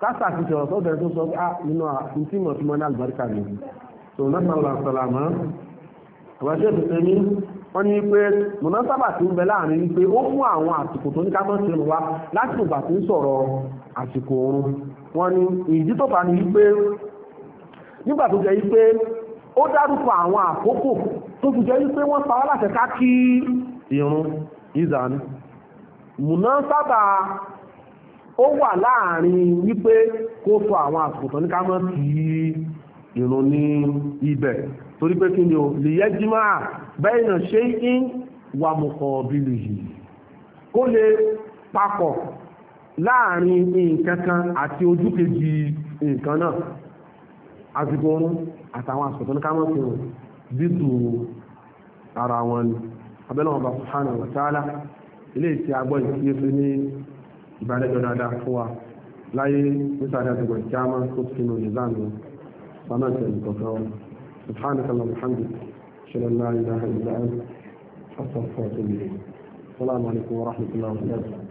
kásà ti sọ̀rọ̀ sọ́dọ̀ tó sọ ah nínú àti mọ̀túnmọ́ ní àlùbáríkà mi so lọ́sàlá sàlámà àbájẹ́ tó tẹ́mí wọ́n ní pé mọ̀nàsábà tí ń bẹ láàrin wípé ó fún àwọn àsìkò tó ní ká mọ́sí wa láti ìgbà tí ń sọ̀rọ̀ àsìkò oorun wọ́n ní ìdí tó fà ní wípé nígbà tó jẹ́ wípé ó dárúkọ àwọn àkókò tó fi jẹ́ wípé wọ́n pa aláṣẹ ká kí irun ìzàn múná sábà ó wà láàrin wípé kó sọ àwọn àsùkùtàn ní ká mọ́ sí irun ní ibẹ̀ torí pé kí ni o lè yẹ jímọ́ bẹ́ẹ̀ náà ṣe ń wà mọ̀kọ̀ yìí kó lè papọ̀ láàrin nǹkan àti ojú kejì nǹkan náà àsìkò oorun àtàwọn àsìkò ní ká mọ́ irun dídù ara wọn ni abẹ́lẹ́ wọn bá subhanahu wa ta'ala ilé ìtì agbọ́ ìtì fi ní ìbálẹ́jọ́ dáadáa fún wa láyé nísàdá ti gbọ̀n kíá máa tó sínú ìzánu sánà tẹ̀lé kọ̀ọ̀kan wọn subhanaka allahumma hamdika ṣẹlẹ̀ náà ilaha illa anta astaghfiruka wa atubu ilayk salamu alaykum wa wa barakatuh